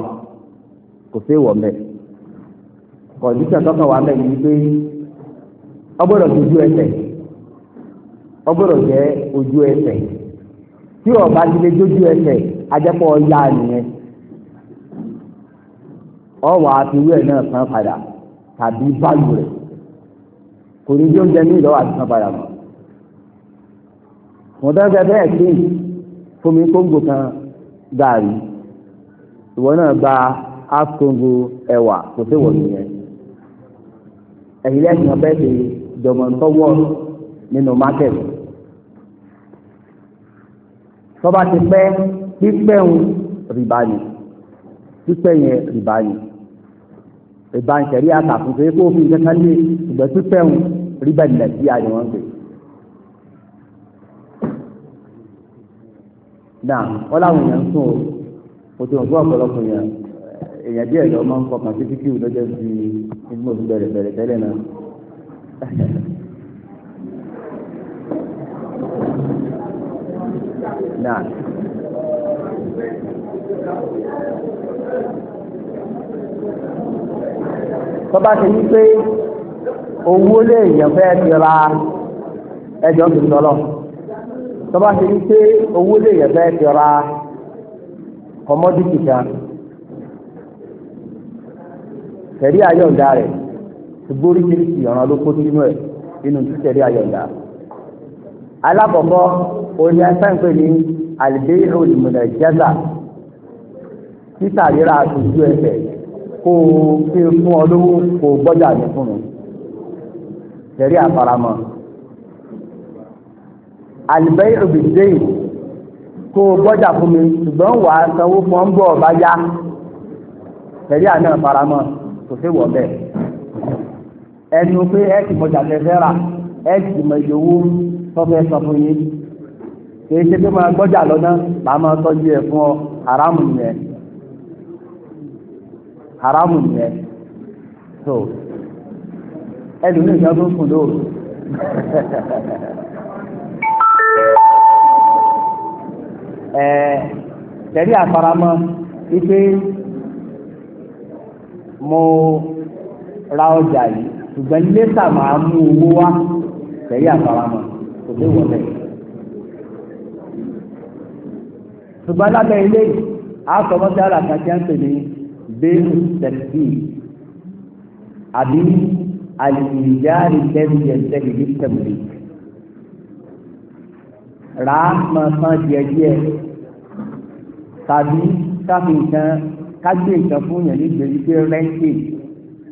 kò sí ìwọ̀ mẹ́ kọ̀dítà tọ́kàn wà mẹ́yìn wípé ọgbọ́dọ̀ tó ojú ẹsẹ̀ ọgbọ́dọ̀ jẹ́ ojú ẹsẹ̀ tí ọba ti lè dójú ẹsẹ̀ ajẹ́pọ̀ ya nìyẹn ọwọ́ àfiwé ẹ̀ náà san padà tàbí báyìí rẹ̀ kò ní bí oúnjẹ ní ìlọ́wọ́ àti san padà mọ́ mo dáńtẹ́ bẹ́ẹ̀ sí fomi kóńgò kan gààrí ìwọ náà gba half kóńgò kò sí wọ̀ nìyẹn ẹ̀yìn lẹ́sìn ọbẹ̀ ṣe jọ̀mọ̀ntọ́wọ́ nínú mákẹ́tì. tọ́ba ti pẹ́ pípẹ́ ń rìbá ni pípẹ́ yẹn rìbá o rìbá ń ṣẹ̀rí àtàkùn tó yẹ kó fi kankan lé ìgbẹ́ pípẹ́ ń rìbá nílẹ̀ sí àyẹ̀wò ń pè. náà wọ́n láwọn èèyàn ń o kò tó ń gbọ́ ọ̀pọ̀lọpọ̀ yẹn èèyàn díẹ̀ lọ́ọ́ máa ń fọkàn sí kíkí ìdọ́jọ́ sí inú òṣù bẹ̀rẹ̀ bẹ̀rẹ̀ tẹ́lẹ̀ náà. نعم tó bá ṣe wípé owó lè yàn fẹ́ ti ra ẹjọ́ tó tọ́lọ̀ tó bá ṣe wípé owó lè yàn fẹ́ ti ra kọmọdé kìkan tẹ̀lé ayọ̀ǹda rẹ̀ ṣùgbọ́n oríṣiríṣi ọ̀ràn ló kó sínú ẹ̀ nínú títẹ̀lé ayọ̀dá. alákọ̀ọ́kọ́ oní asáǹpẹ̀ ní àlùbẹ́rẹ́ olùmọ̀nà ìjẹ́sà títà rírà ojú ẹsẹ̀ kó o fi fún ọ lówó kó o gbọ́dọ̀ àmì fún un tẹ̀lé àfaramọ́. àlùbẹ́rẹ́ olùdẹ́yìn kó o gbọ́dọ̀ fún mi ṣùgbọ́n wàá sanwó fún ọ ń bọ̀ ọ̀bá yá tẹ̀lé àná àfaramọ́ kò sí wọ̀ bẹ́ẹ̀. ẹnu pé ẹ ti mọ jàdẹ̀fẹ́ rà ẹ ti mọ ìyòwò tọ́fẹ́ sọ fún yín kì ṣe pé máa gbọ́jà lọ́nà tọ́jú ẹ̀ fún ọ haramu nìyẹn haramu nìyẹn so ẹnu ní ìjọba ń kùn lóòrùn. tẹ̀lé mo ra ọjà yìí ṣùgbọ́n lẹ́tà máa mú owó wá sẹ́yìn àfaramọ́ kò dé wọlé. ṣùgbọ́n lábẹ́ ilé àtọmọ́sí àlàkàtì ń pè ní bẹ́ẹ̀lù tẹ̀sí àbí àlìyáàrí lẹ́nu ẹ̀sẹ̀ ìdí tẹ̀mí. rà á máa san díẹ̀díẹ̀ tàbí káfíǹkan kágbé nǹkan fún yẹn nígbèrígbé rẹ́ńtì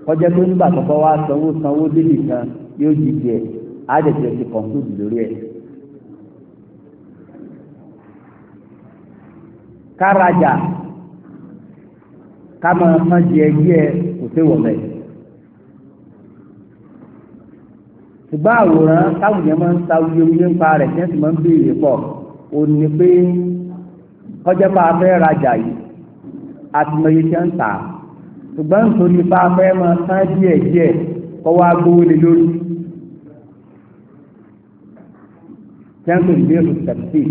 kọjá tó nígbà kọ́kọ́ wá sanwó sanwó délì kan yóò di tiẹ̀ á dẹ̀tẹ̀ ti kọ̀ǹtúdù lórí ẹ̀. kárajà ká máa má di ẹgbẹ́ ẹ kò sí wọ̀lẹ̀. ṣùgbọ́n àwòrán táwọn yẹn máa ń ta wuyewuye ń pa rẹ̀ tí wọ́n sì máa ń béèrè pọ̀ òun ni pé kọjá bá a fẹ́ rajà yìí àtìmọye ti ń tà á ṣùgbọ́n nítorí ipa afẹ́ máa tán díẹ̀ díẹ̀ kọ́ wá gbówó lé lórí jẹ́ǹtò ìbéèrè tẹ̀sí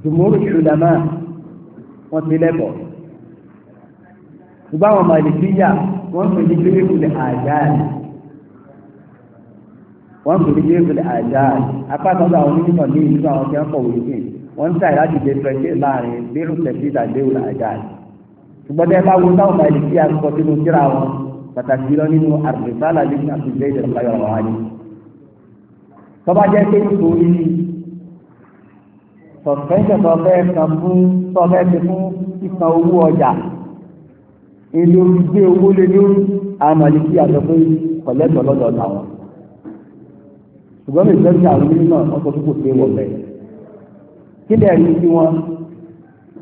jùmọ̀rù ìṣúdàmá wọ́n ti lẹ́bọ̀ ṣùgbọ́n àwọn màlìkíyà wọ́n pè ní bíríkùlẹ̀ àjáàlì wọ́n pè ní bíríkùlẹ̀ àjáàlì apá kan lọ àwọn onímọ̀ ní ìlú àwọn tí wọ́n kọ̀wé sí wọ́n ń tà láti dé pẹ̀lú láàrin bíríkùlẹ̀ sí ìdàgbéwò àjáàlì ṣùgbọ́n tẹ́ bá wo táwọn máa lè fi àkókò sínú síra wọn pàtàkì lọ nínú àrùbẹ́sálà ní àtúnṣe ìjọba yọ̀rọ̀ wáyé. tọ́ba jẹ́ pé nítorí sọ̀fẹ́ńtẹ̀ tọ́fẹ́ kan fún tọ́fẹ́ ti fún sísan owó ọjà èlò gbígbé owó lé lórí àmàlì kí àjọ pé kọ̀lẹ́tọ̀ lọ́dọ̀ táwọn. ṣùgbọ́n mi ìfẹ́ sí àwọn onímọ̀ wọn sọ fún kò sí ewọ̀ bẹ́ẹ̀. kí lẹ́ẹ̀rí sí wọn?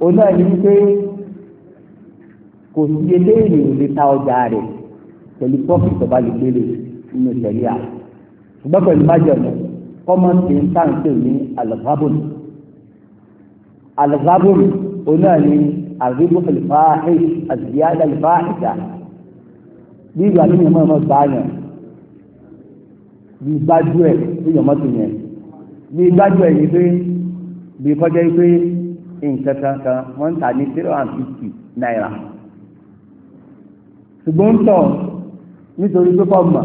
òun náà kò sí eléyìí ò lè ta ọjà rẹ̀ pẹ̀lú profit ọba lè gbélé nínú ìtẹ̀lé à ṣùgbọ́n pẹ̀lú májẹ̀mú common thing sáǹsì ní alagabon alagabon oní àní àrígbó fẹlifáì àzìyáda lifáìta bí ìgbà tí yẹn mọ̀ gbá yẹn bí gbájú ẹ̀ bí yẹn mọ̀ tó bí gbájú ẹ̀ yìí pé bí kọjá yìí pé nǹkan kan kan wọ́n ń ta ní three and fifty naira ṣùgbọ́n ń tọ̀ nítorí tó kọ̀ mọ̀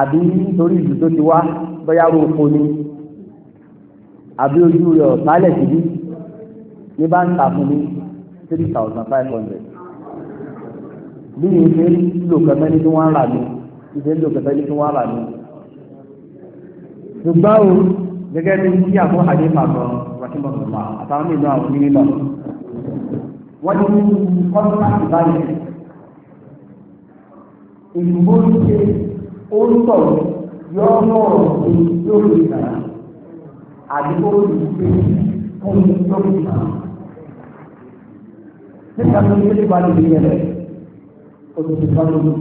àbí nítorí ìlú tó ti wá bóyá ro oko ni àbí ojú rẹ̀ ọ̀sálẹ̀ síbí ní bá ń ta fún mi three thousand five hundred bí yìí ṣe ń lò kẹfẹ́ ní tí wọ́n ń rà mí ìṣe ń lò kẹfẹ́ ní tí wọ́n ń rà mí. ṣùgbọ́n o gẹ́gẹ́ bí kí àbọ̀ àdéhùn àgbọ̀ wàṣíbọ̀n bàbá àtàwọn mìíràn àwọn onílọ̀ wọ́n ti ní kọ́ńtà báyìí ìgbó ṣe ó ń tọ̀ yọ mọ̀rọ̀ ṣe yóò lè nà àdúgbò lè ṣe fún yóò lè nà. nípa tó ń tẹ́lẹ̀ bá lè rí ẹ̀rẹ̀ òṣèlú bá lè rí.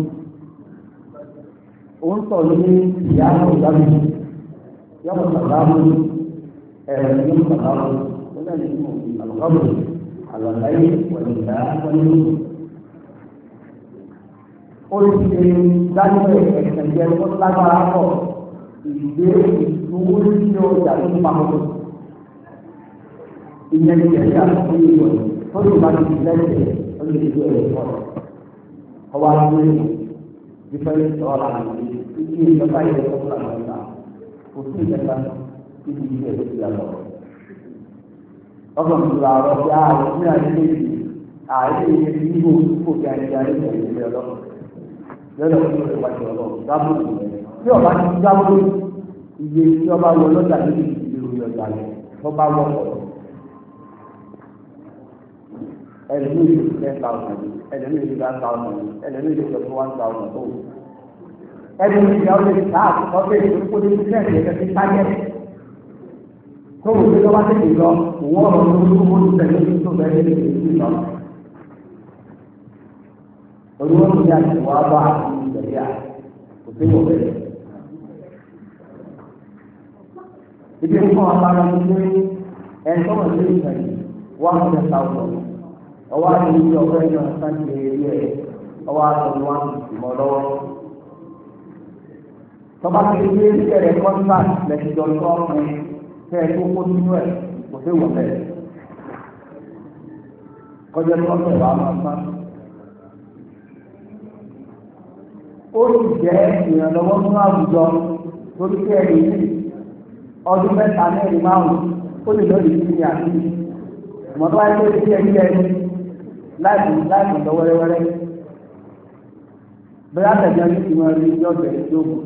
ó ń tọ̀ ní ìyá àwọn ìyá mi yọ̀ọ̀ bàbá mi ẹ̀rọ yọ̀ọ̀ bàbá mi ó náà lè mú ìgbàlódé àlọ́láyé pẹ̀lú ìdá pẹ̀lú ó ti ṣe dájúmọ̀ ẹ̀sẹ̀ jẹ́ tó lágbára pọ̀ ìgbé ìṣòwò ní ọjà tó pamọ́ tó. ìyẹn ti ẹ̀rí àkókò yìí lọ tó lè bá ti lẹ́sẹ̀ ó lè ṣe ẹ̀rí pọ̀. ọwọ́ àti ìfẹ́lẹ́ sọ̀rọ̀ àti ìdí ìjọba ìjọba tó lọ sọ̀rọ̀ kò sí ìjọba ìdí ìjọba tó lọ sọ̀rọ̀. ọgbọ̀n tó lọ àrọ̀ bí i àrùn ní àyè àyè ìgbò kò kí àyè àyè ìgbò ìgbò ọlọ́run lọ́dọ̀ tó ń wá jọ tí ọba ti dábòbò iye tí ọba wọ lọ́jà níbi ìròyìn ọjà rẹ̀ lọ́ba wọ ọ̀rọ̀ ẹlẹ́nu yìí ti ten thousand ẹlẹ́nu yìí ti ten thousand ẹlẹ́nu yìí ti twenty one thousand tó ẹlẹ́nu yìí ti àwọn ẹlẹ́nu tá a sọ pé èso kó lè fi lẹ́ẹ̀kì tó wò pé lọ́ba tètè lọ òun ọ̀rọ̀ tó lóko mọ́tò tẹ̀lé tó bẹ́ẹ̀ olùwọ́n ní àtìwá bá ìgbẹ̀lẹ́ à kò sí wọ̀ bẹ́ẹ̀. Ibi nǹkan àpárá ní pé ẹ̀ńtọ́ wọn lé ìgbà yìí wọ́n á fẹ́ ta ọ̀pọ̀. Ọwọ́ àti ìlú ọ̀pẹ́ náà sáńtì eré ẹ̀ ọwọ́ àti ọ̀nà wọn kì mọ́ lọ́wọ́. Tọ́ba ti gbé ìṣẹ̀lẹ̀ kọ́ńtàt lẹ́sìdọ̀ lọ́ọ̀pẹ́ tẹ́ ẹ tó kó sínú ẹ̀ kò sí wọ̀ bẹ́ẹ̀. Kọjá ní ọ̀sẹ̀ wàá máa sáńtì. ó sì jẹ́ ìrànlọ́wọ́ fún àwùjọ lórí pé ẹ̀rí ọdún mẹ́ta mẹ́rin márùn-ún ó lè lọ́ọ́ lè fi ní àdúgbò ìmọ̀tọ́ wáyé lórí pé ẹ̀rí ẹ̀rí láìpẹ́ láìpẹ́ lọ wẹ́rẹ́wẹ́rẹ́ bẹ́ẹ̀ àtẹ̀jọ́ ní ìmọ̀ ẹ̀rí ní ọ̀bẹ̀ tí ó mú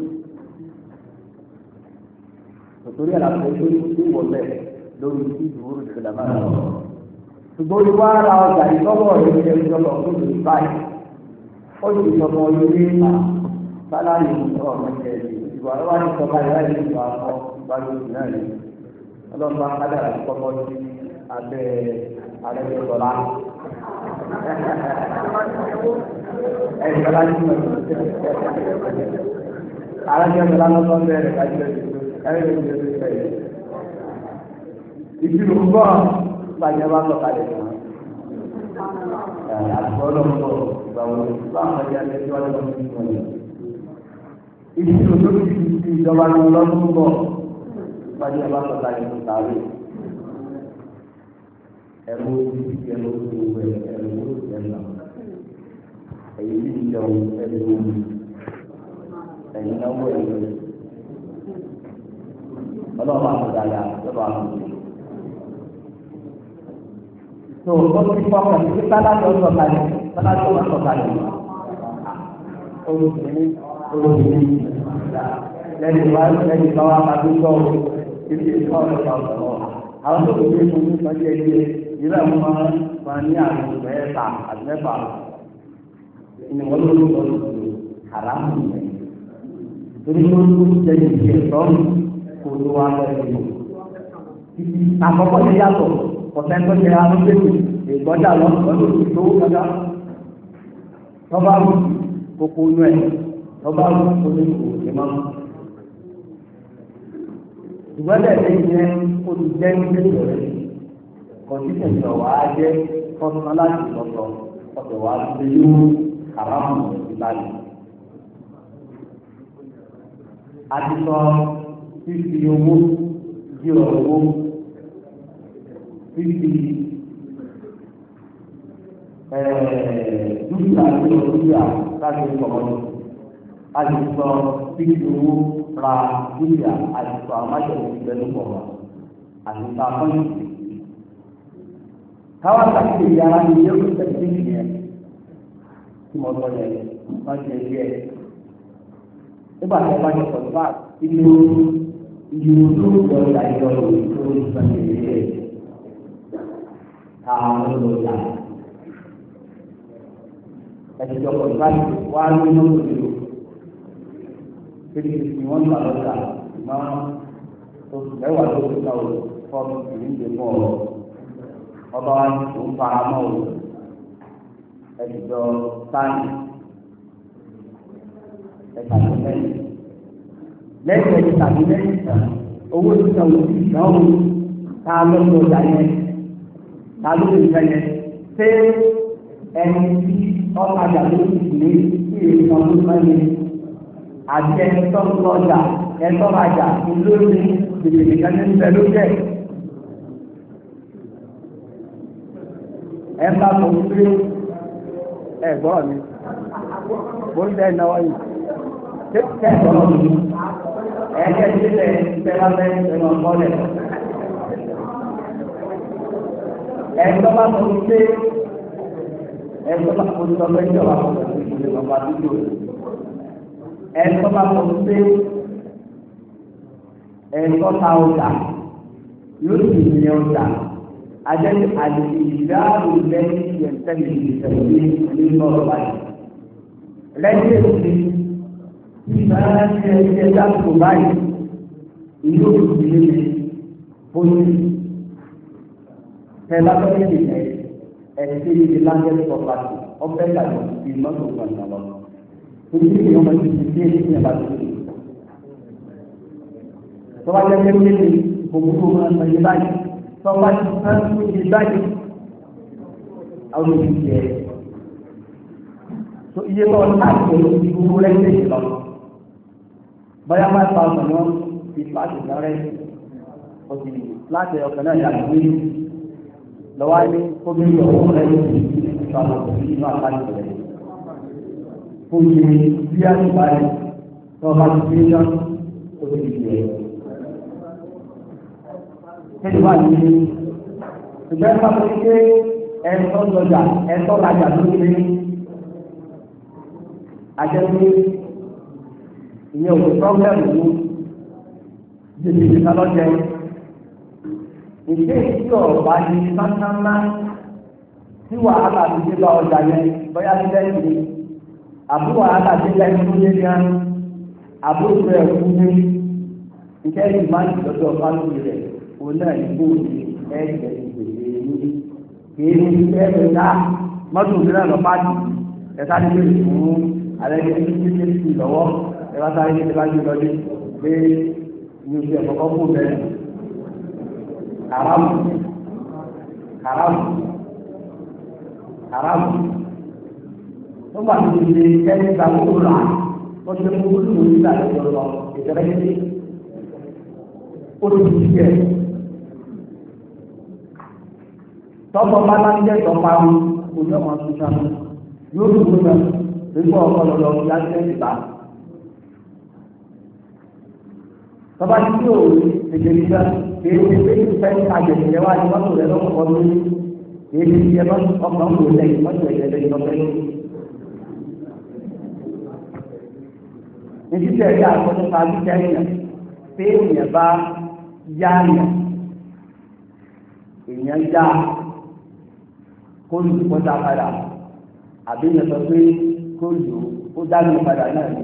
òtòrí àlàfo tó ní sí ìwọ̀lẹ̀ lórí tí ìdúró ìṣẹ̀lẹ̀ máa lọ ṣùgbọ́n olùwà ara ọjà ìtọ́wọ̀ rẹ̀ ṣe ń jọ lọ fún ìlú báyìí ó sì sọmọ ilé náà sáláàyè ọ̀rọ̀ mẹ́kẹ̀ẹ́lì ìwà lọ́wọ́ ní sọ́kà ìwà ìlú ìwà ọkọ̀ ìbálò náà ni ọlọ́run bá kájà lọ kọ́kọ́ sí abẹ́ arẹ́gbẹ́sọ̀lá. ẹ̀yìn lọ́la ní arẹ́gbẹ́sọ̀lá lọ́sọ̀ bẹ́ẹ̀rẹ̀ kájúlẹ̀ ẹ̀rẹ́gbẹ́sọ̀lá ìdílù ń bọ̀ bàjẹ́ bá lọ kalẹ̀ fún wa. àgbọ̀dọ̀ ń bọ̀ ìgbà wo bá àwọn ọjà lẹ́jọ́ lọ́wọ́ nínú ọ̀yọ́ ibi tí o tó ti fi ìjọba ní lọ́dún bọ̀ pàdé ọba sọ̀tà ìlú sáré ẹ̀rọ ojú ti fi ẹ̀rọ ojú wẹ̀ ẹ̀rọ ojú ẹ̀nà ẹ̀yìn tí ìjọba ẹ̀rọ ojú ẹ̀yìn náwó ẹ̀rọ ọlọ́ọ̀bá sọ̀tà yà lọ́dọ̀ àwọn ọ̀dọ́ tó o ti fọkàn sí sálájọ sọ̀tà yẹn sálájọ sọ̀tà yẹn olóbìnrin lẹ́yìn wá lẹ́yìn bá wá pàdé sọ̀rọ̀ ibi ìfọ̀ ọ̀rọ̀ ọ̀rọ̀ àwọn tó kò gbé fún mi sọ jẹ́ ilé ìlú àwọn ọmọ wa ní àrùn mẹ́ta àti mẹ́fà ìnìwọ́n ló ló lọ sí àràmù rẹ̀ torí ló ló jẹ́ ìdí ẹ̀tọ́ kò ló wá lọ́wọ́ àkọ́kọ́ ti yàtọ̀ ọ̀sẹ̀ tó ṣe arúgbó ìgbọ́dà lọ́sọ̀ọ́ lórí tó kọjá tọ́ba kòkó inú ẹ̀ tọ́ba kò ní òkè mọ́. ìgbọ́dọ̀ lè jẹ́ olùjẹ́ nílé rẹ̀ kọ̀ǹtíṣẹ̀ ìjọ wà á jẹ́ fọ́nmọ́ láti lọ́tọ̀ ọ̀tọ̀ wà á ti yú àrámù ìlànà. a ti sọ fífi owó bí owó fífi dúkìá bí owó dúkìá láti ọmọdé àyùsọ fífi owó ra dúkìá àyùsọ àmájọ̀wò ìgbẹ́lúpọ̀ wa àyùsọ àkọ́yìn. káwá sàkíyè yàrá ni yóò fi tẹ̀sí nìyẹn tí mo sọ yẹn wọ́n ti lè rí ẹ̀. nígbà tí a bá yọ pọ̀jù bá inú iye olóògbé ọjà ìjọ lòdì tó ń sọ yẹn rí ẹ̀. àwọn olóògbé ẹ̀jọ̀ pọ̀jù bá wà lóyún lòdì kéde ni wọ́n gbà lọ́jà máa oṣù mẹ́wàá ló ta o fọ́ọ̀mù ìlú ìdè pọ̀ ọba wa ní ń fara mọ́ o ẹ̀dùjọ sáyẹn ẹ̀dàjọ lẹ́yìn lẹ́yìn ẹ̀dùn tàbí lẹ́yìn tàn owó títa òsì náà ta lọ́sọ̀ ọjà yẹn ta ló lè fẹ́ yẹn ṣé ẹni tí ọ̀tajà ló ti lè kí èyí kan ló yẹn àti ẹni tó ń lọ ọjà ẹtọ́ rajà olórí gbèsè kan ní bẹ lójẹ. ẹ bá tó ń gbé ẹ gbọ́ mi mo ń bẹ náwó yìí tẹ ẹ gbọ́ mi ẹ jẹ́ sílẹ̀ ìfẹ́lá bẹ́ẹ̀ ẹ lọ kọ́ bá tó ń gbé ẹ̀tọ́ bá tó ń sọ pé ìjọba kò tó ń gbé ọba tó ń gbé ẹ̀tọ́ bá sọ pé ẹ̀tọ́ ta ọjà yóò sì yẹ ọjà adẹ́tí àdìsí ìdáàbò lẹ́yìn ìyẹ̀ntẹ́lẹ̀ ìṣẹ̀lẹ̀ nínú ọ̀rọ̀ báyìí. lẹ́yìn èsì ìbára ti ẹ̀jẹ̀ dáàbò báyìí ìlú òkùnkùn ní bóyú tẹ̀lá lọ́yẹ̀ nìyẹn ẹ̀sìn ìdílágẹ́sì ọ̀pá ọ̀fẹ́ tàbí ìmọ̀tò kan lọ́wọ́ ojú ìwé ọmọ ìlú ti dé ní ìyàbá tó ti. tọ́wọ́ jẹ́ pé ní ní òwúrò ọmọ ìlú báyìí tọ́wọ́ ti sán ní ìlú báyìí àwọn òbí ti ẹ̀. tó iye bọ́ láti pẹ̀lú ìgbúgbó lẹ́sẹ̀ ìlọ. báyà máa fa ọ̀sán náà fi láti sáré òsì láti ọ̀sán náà yà gbé lọ́wọ́ ní kóbí ìyọ̀wó rẹ̀ ní ìfọ̀nà òbí inú àpáyé rẹ̀ kó ṣe bí a ti parí tó bá ti fi yọ kó ti fi yẹ. Kéde wà ní ilé. Ìgbẹ́ ń bá mi pé ẹ̀tọ́ lọ́jà ẹ̀tọ́ lajà ló ṣe. Àjẹpé ìyẹn ò ní pọ́blẹ́mù jìbìtì ìta lọ́jẹ́. Ìgbé ìdí ọ̀rọ̀ bá sáńsáńlá tí wàhálà ti dé bá ọjà yẹn bóyá ní àbúrò alábàdínlá ìdílé gan àbúrò rẹ̀ kú ní iṣẹ́ ìmáàlì lọ́dọ̀ fáwọn rẹ̀ òun náà ìbò ní ẹ̀ẹ́dẹ̀ ìgbèlè ní kìí ní iṣẹ́ rẹ̀ dá mọ́tò mìíràn lọ pàdé ẹ̀ka ní bẹ́ẹ̀ fún alẹ́ ní títí sí lọ́wọ́ ẹ̀ka sáré ní ìlà yìí lọ́dẹ pé ní oṣù ẹ̀kọ́kọ́ kú bẹ́ẹ̀ kàrámù kàrámù kàrámù nígbà tó ti ṣe ẹni gba gbogbo rà wọ́n ṣe gbogbo tó ń gbà lọ́jọ́ lọ ìtẹ́rẹ́ yìí ó ti ti jẹ. tọ́pọ̀ bá bá ń jẹ́ tọ́pa mi kò ní ọmọ tó sá mi yóò tó gbé mi nígbà ọkọ lọ́lọ́ ya ṣe ìgbà. tọ́ba tí yóò tètè nígbà kéé ní pé fẹ́ àjẹ̀tẹ̀lẹ́wà ni mọ́tò rẹ̀ lọ́kọ̀ọ́ lórí kéé ní ti ẹ mọ́tò ọkọ̀ ń wò lẹ́yìn mọ́tò ẹ̀jẹ̀ lẹ́yìn lọ́kẹ́ lórí. níbi tí ẹ̀rí àkọ́ nípa jíjẹ́ èèyàn pé èèyàn bá yá èèyàn èèyàn yá kó lù kó dá padà àbí èèyàn sọ pé kó lù kó dá lù padà náà ni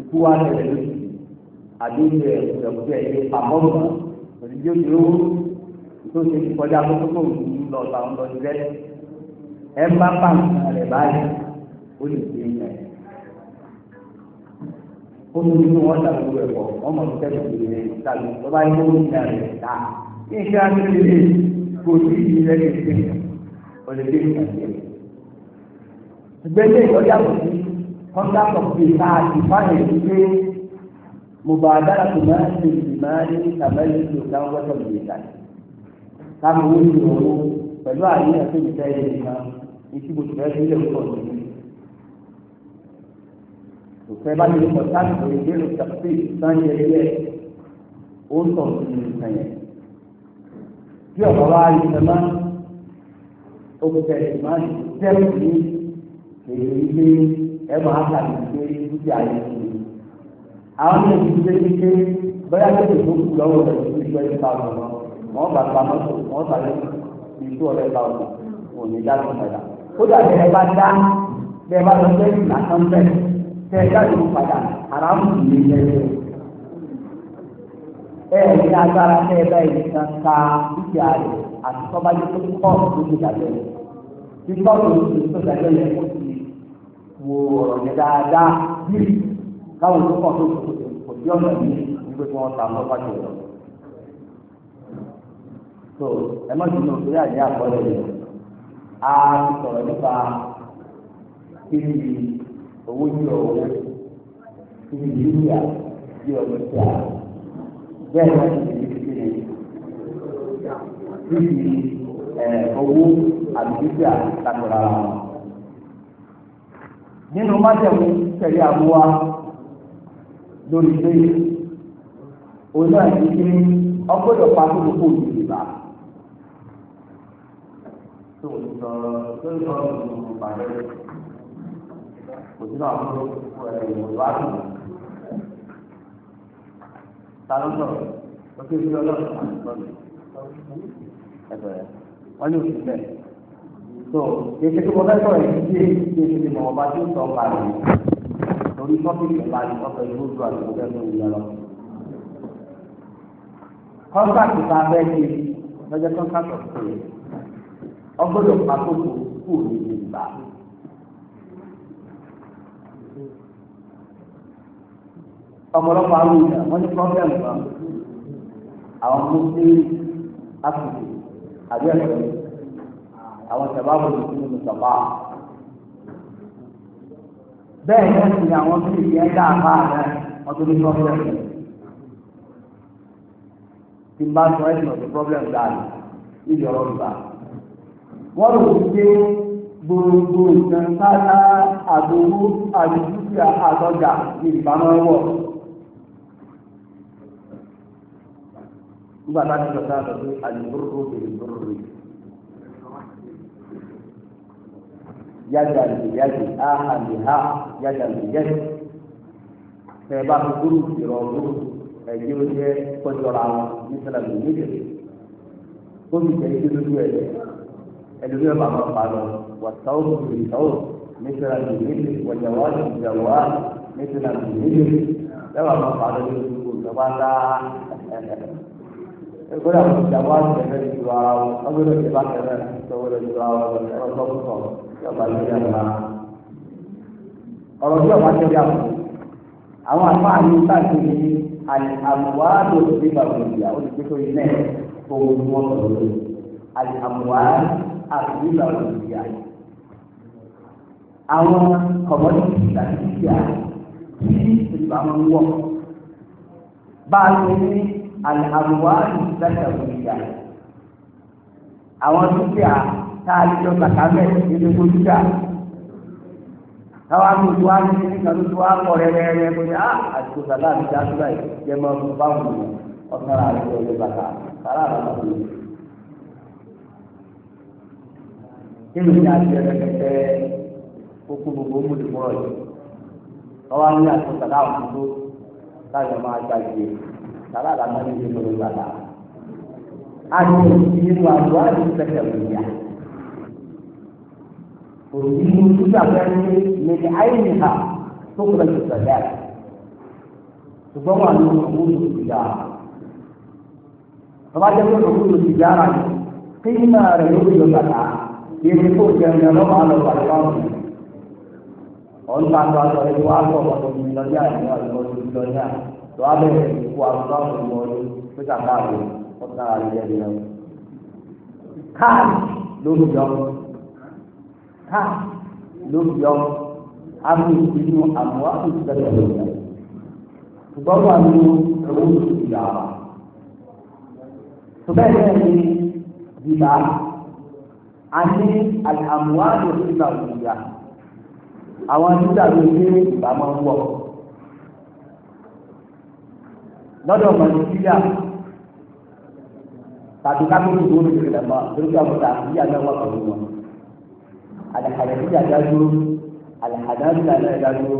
ikú wa tẹ̀lé lójú àbí ìṣe ìṣẹ̀kùtì ẹ̀yẹ pàmòrò òdìjọ́ ti ó tó ṣe ti kọjá kókó tó ń lọ ọ̀tà ń lọ sílẹ̀ ẹ̀ ń bá pàǹtí rẹ̀ báyìí ó lè ṣe ìyẹn ó ní inú wọn tà lóko ẹ̀kọ́ wọn mọ̀ ní tẹ́lẹ̀ tó lè ta lọ tó bá yẹ kó ní àrẹ̀ ta ní iṣẹ́ akékeré kò sí ìrẹ́ lè ṣe ò lè dé ìgbàgbé. ìgbẹ́lẹ̀ ìtọ́jà kò sí kọ́ńtàkọ̀ fi ta àtìfáyẹ̀ wípé mo bá a dára tó máa ń ṣe ìgbìmọ̀ ní ń ní tí mo ti fẹ́ òfẹ́ bá ti kọ̀ sáà tó ìgbé ló tàbí sáyẹ yẹ ó ń tọ̀ sí nìkan yẹn. bí ọ̀pọ̀ bá rí sẹ́mà ó kò tẹ̀lé máa ń tẹ́lẹ̀ ní èyí pé ẹ máa kà ní pé dúkìá yẹn ti ní. àwọn ní ìdí pé pé bóyá tó lè tó kù lọ́wọ́ rẹ̀ sí ìgbẹ́ ìta ọ̀nà wọ́n bá pa mọ́tò wọ́n sàlẹ̀ ìtú ọ̀rẹ́ ta ọ̀nà òní dá lọ́sọ̀dá. kódà bẹ́ẹ̀ bá dá bẹ́ẹ̀ bá lọ sẹ́yìn lásán bẹ́ẹ̀ tẹ jáde padà àràmù lè lẹ́yẹ. ẹ ẹ ní agbára tẹ ẹ báyìí nìkan ka dúkìá rẹ àti tọ́ba yìí tó kọ́ tó ti dàgbẹ́ rẹ. bí kọ́ọ̀tù tó ti tó dàgbẹ́ rẹ kó ti wo ọ̀rọ̀ yẹn dáadáa bíi káwọn tó kọ́ tó kò sí ọ̀nà yìí nígbà tí wọ́n ta lọ́pàá jù tó ẹ má dùn ní òkúta ní àkọọ́lẹ̀ yẹn a ti sọ̀rọ̀ nípa kí ni owó jọ owó ibi ìdíyà bí ọmọ tí a bẹ́ẹ̀ náà ti di ti di ti di owó àdúgbò àtàkùrà wọn. nínú májèmú tẹ̀lé àbúwá lórí pé òun náà ti di ọgbọ́dọ̀ pa tó lóko ìdìbà tó ń sọ tó ń sọ ọ̀rọ̀ ìdìbò pàdé kò sínú àwọn ìwà tó ń ta ló ń sọ̀rọ̀ ó ké sí ọlọ́run àti ọlọ́run ẹ̀fẹ̀ wọ́n ní òṣìṣẹ́ so èsì tí mo fẹ́ sọ̀rọ̀ yìí ṣe ṣe ṣe ṣe mọ̀ọ́ba tí ó sọ ọ́ parí torí tọ́pìkì parí ọkọ̀ ìlú ojú àti ìgbẹ́ tó ń yẹ lọ. kọ́ńtàkì tá a fẹ́ ṣe lọ́jọ́ kọ́ńtàkì ọ̀sẹ̀ ọgbọ́dọ̀ pàtókò kúrò ní ìgbà. ọ̀pọ̀lọpọ̀ àwọn èèyàn wọ́n ní problem kan àwọn muslim africa àbí ẹ̀sọ́ àwọn sàbáàbò ní kí nínú sàbá. bẹ́ẹ̀ náà sì ni àwọn tó lè fi ẹ́ńdà àbá rẹ̀ wọ́n tó ní problem tí n bá sọ ẹ̀sìn ọ̀sẹ̀ problem dáàbò níbi ọ̀rọ̀ ìgbà. wọ́n rò wípé gbogbo nǹkan sáárá àdówó àdúgbò àtọ́jà ní ìbámu ẹ̀wọ̀. nígbà tá a ti sọ̀tà lọ sí àlùbúrú ìlúbúrú rẹ̀. yájà lè yájì áhà lè há yájà lè yájì. tẹ̀ bá fi búrú ìrọ̀ búrú ẹ̀jẹ̀ ó jẹ́ kọjọra wọn ní sẹ́lẹ̀mù méjì. ó sì jẹ́ ike lójú ẹ̀ ẹlòmíràn bàbá pa lọ wà sáwọ́ ìrìsáwọ́ ní sẹ́lẹ̀mù méjì wọ̀jà wá ìjàwá ní sẹ́lẹ̀mù méjì. lẹ́wọ̀n bàbá lọ ní ojú kò sọ ẹgbẹ́rẹ́ àwọn ìjàmbá tẹ̀lé ju ara wọn ọgbẹ́rẹ́ ìjàmbá tẹ̀lé tọ́wọ́lẹ̀ ju ara wọn ọ̀rọ̀ tó ń sọ yọba lórí àgbà. ọ̀rọ̀ tí ọba tẹ̀lé àpò àwọn àpá àmì sáàkiri àmùwádò ti bá wọn ìyá ó ti gbé sórí náà tó ń wọ́n sọ̀rọ̀ lórí àmùwádò àti bá wọn ìyá. àwọn kọ̀mọ́tì ìgbà tí ìgbà tí ìgbà wọn wọ̀ bá a lè ní àlàwọ̀ àlùsàkàwìyà àwọn dúkìá tá a lè jọ kàkàmẹ́ nínú dúkìá táwa kò tó àti ní kàló tó wà kọ rẹ rẹ rẹ bóyá àti sàlá àti sàlá yìí jẹ mọ fún báwọn ọ̀sán àti ọ̀sán bàtà sàlá àti ọ̀sán yìí. kéwì ní àti ẹrẹkẹtẹ kókó gbogbo múlùmọ́ọ̀ yìí táwa ní àti sàlá àti tó Salah lah Nabi Sallallahu Alaihi Al-Muslim wa wali sekalinya. Muslim juga berarti min ainiha tukra sadat. Sebawa lu usul tijarah. Kemudian lu usul tijarah. Qima rayudu lana. Ini pun jangan lupa ala wali Orang tak tahu ada dua apa, orang minum dia, orang minum dia tó a bẹ ìkú àrùn náà fún ìwọ ọdún pé kàkà àbò ọ̀tún náà rí ẹ̀rí náà. káàdì lórí yọ káàdì lórí yọ àmì ìpinnu àmọ́ àti ìgbẹ́lẹ̀ lórí yọ. ṣùgbọ́n wà ní ẹ̀wọ́ ìgbà wa. tó bẹ́ẹ̀ bẹ́ẹ̀ ni bíbá a ní àmúwá lórí ìgbà òkúta àwọn dúdà ló gbé ìbámu wọ̀ lọ́dọ̀ mọ̀lẹ́síyà tàbí kábíyèsí tó ń tẹ̀lé lọ́mọ lórí àwọn tàbíyà náà wà pẹ̀lú wọn. àlàkàlẹ́síyà dájú àlàkàlẹ́síyà náà dájú.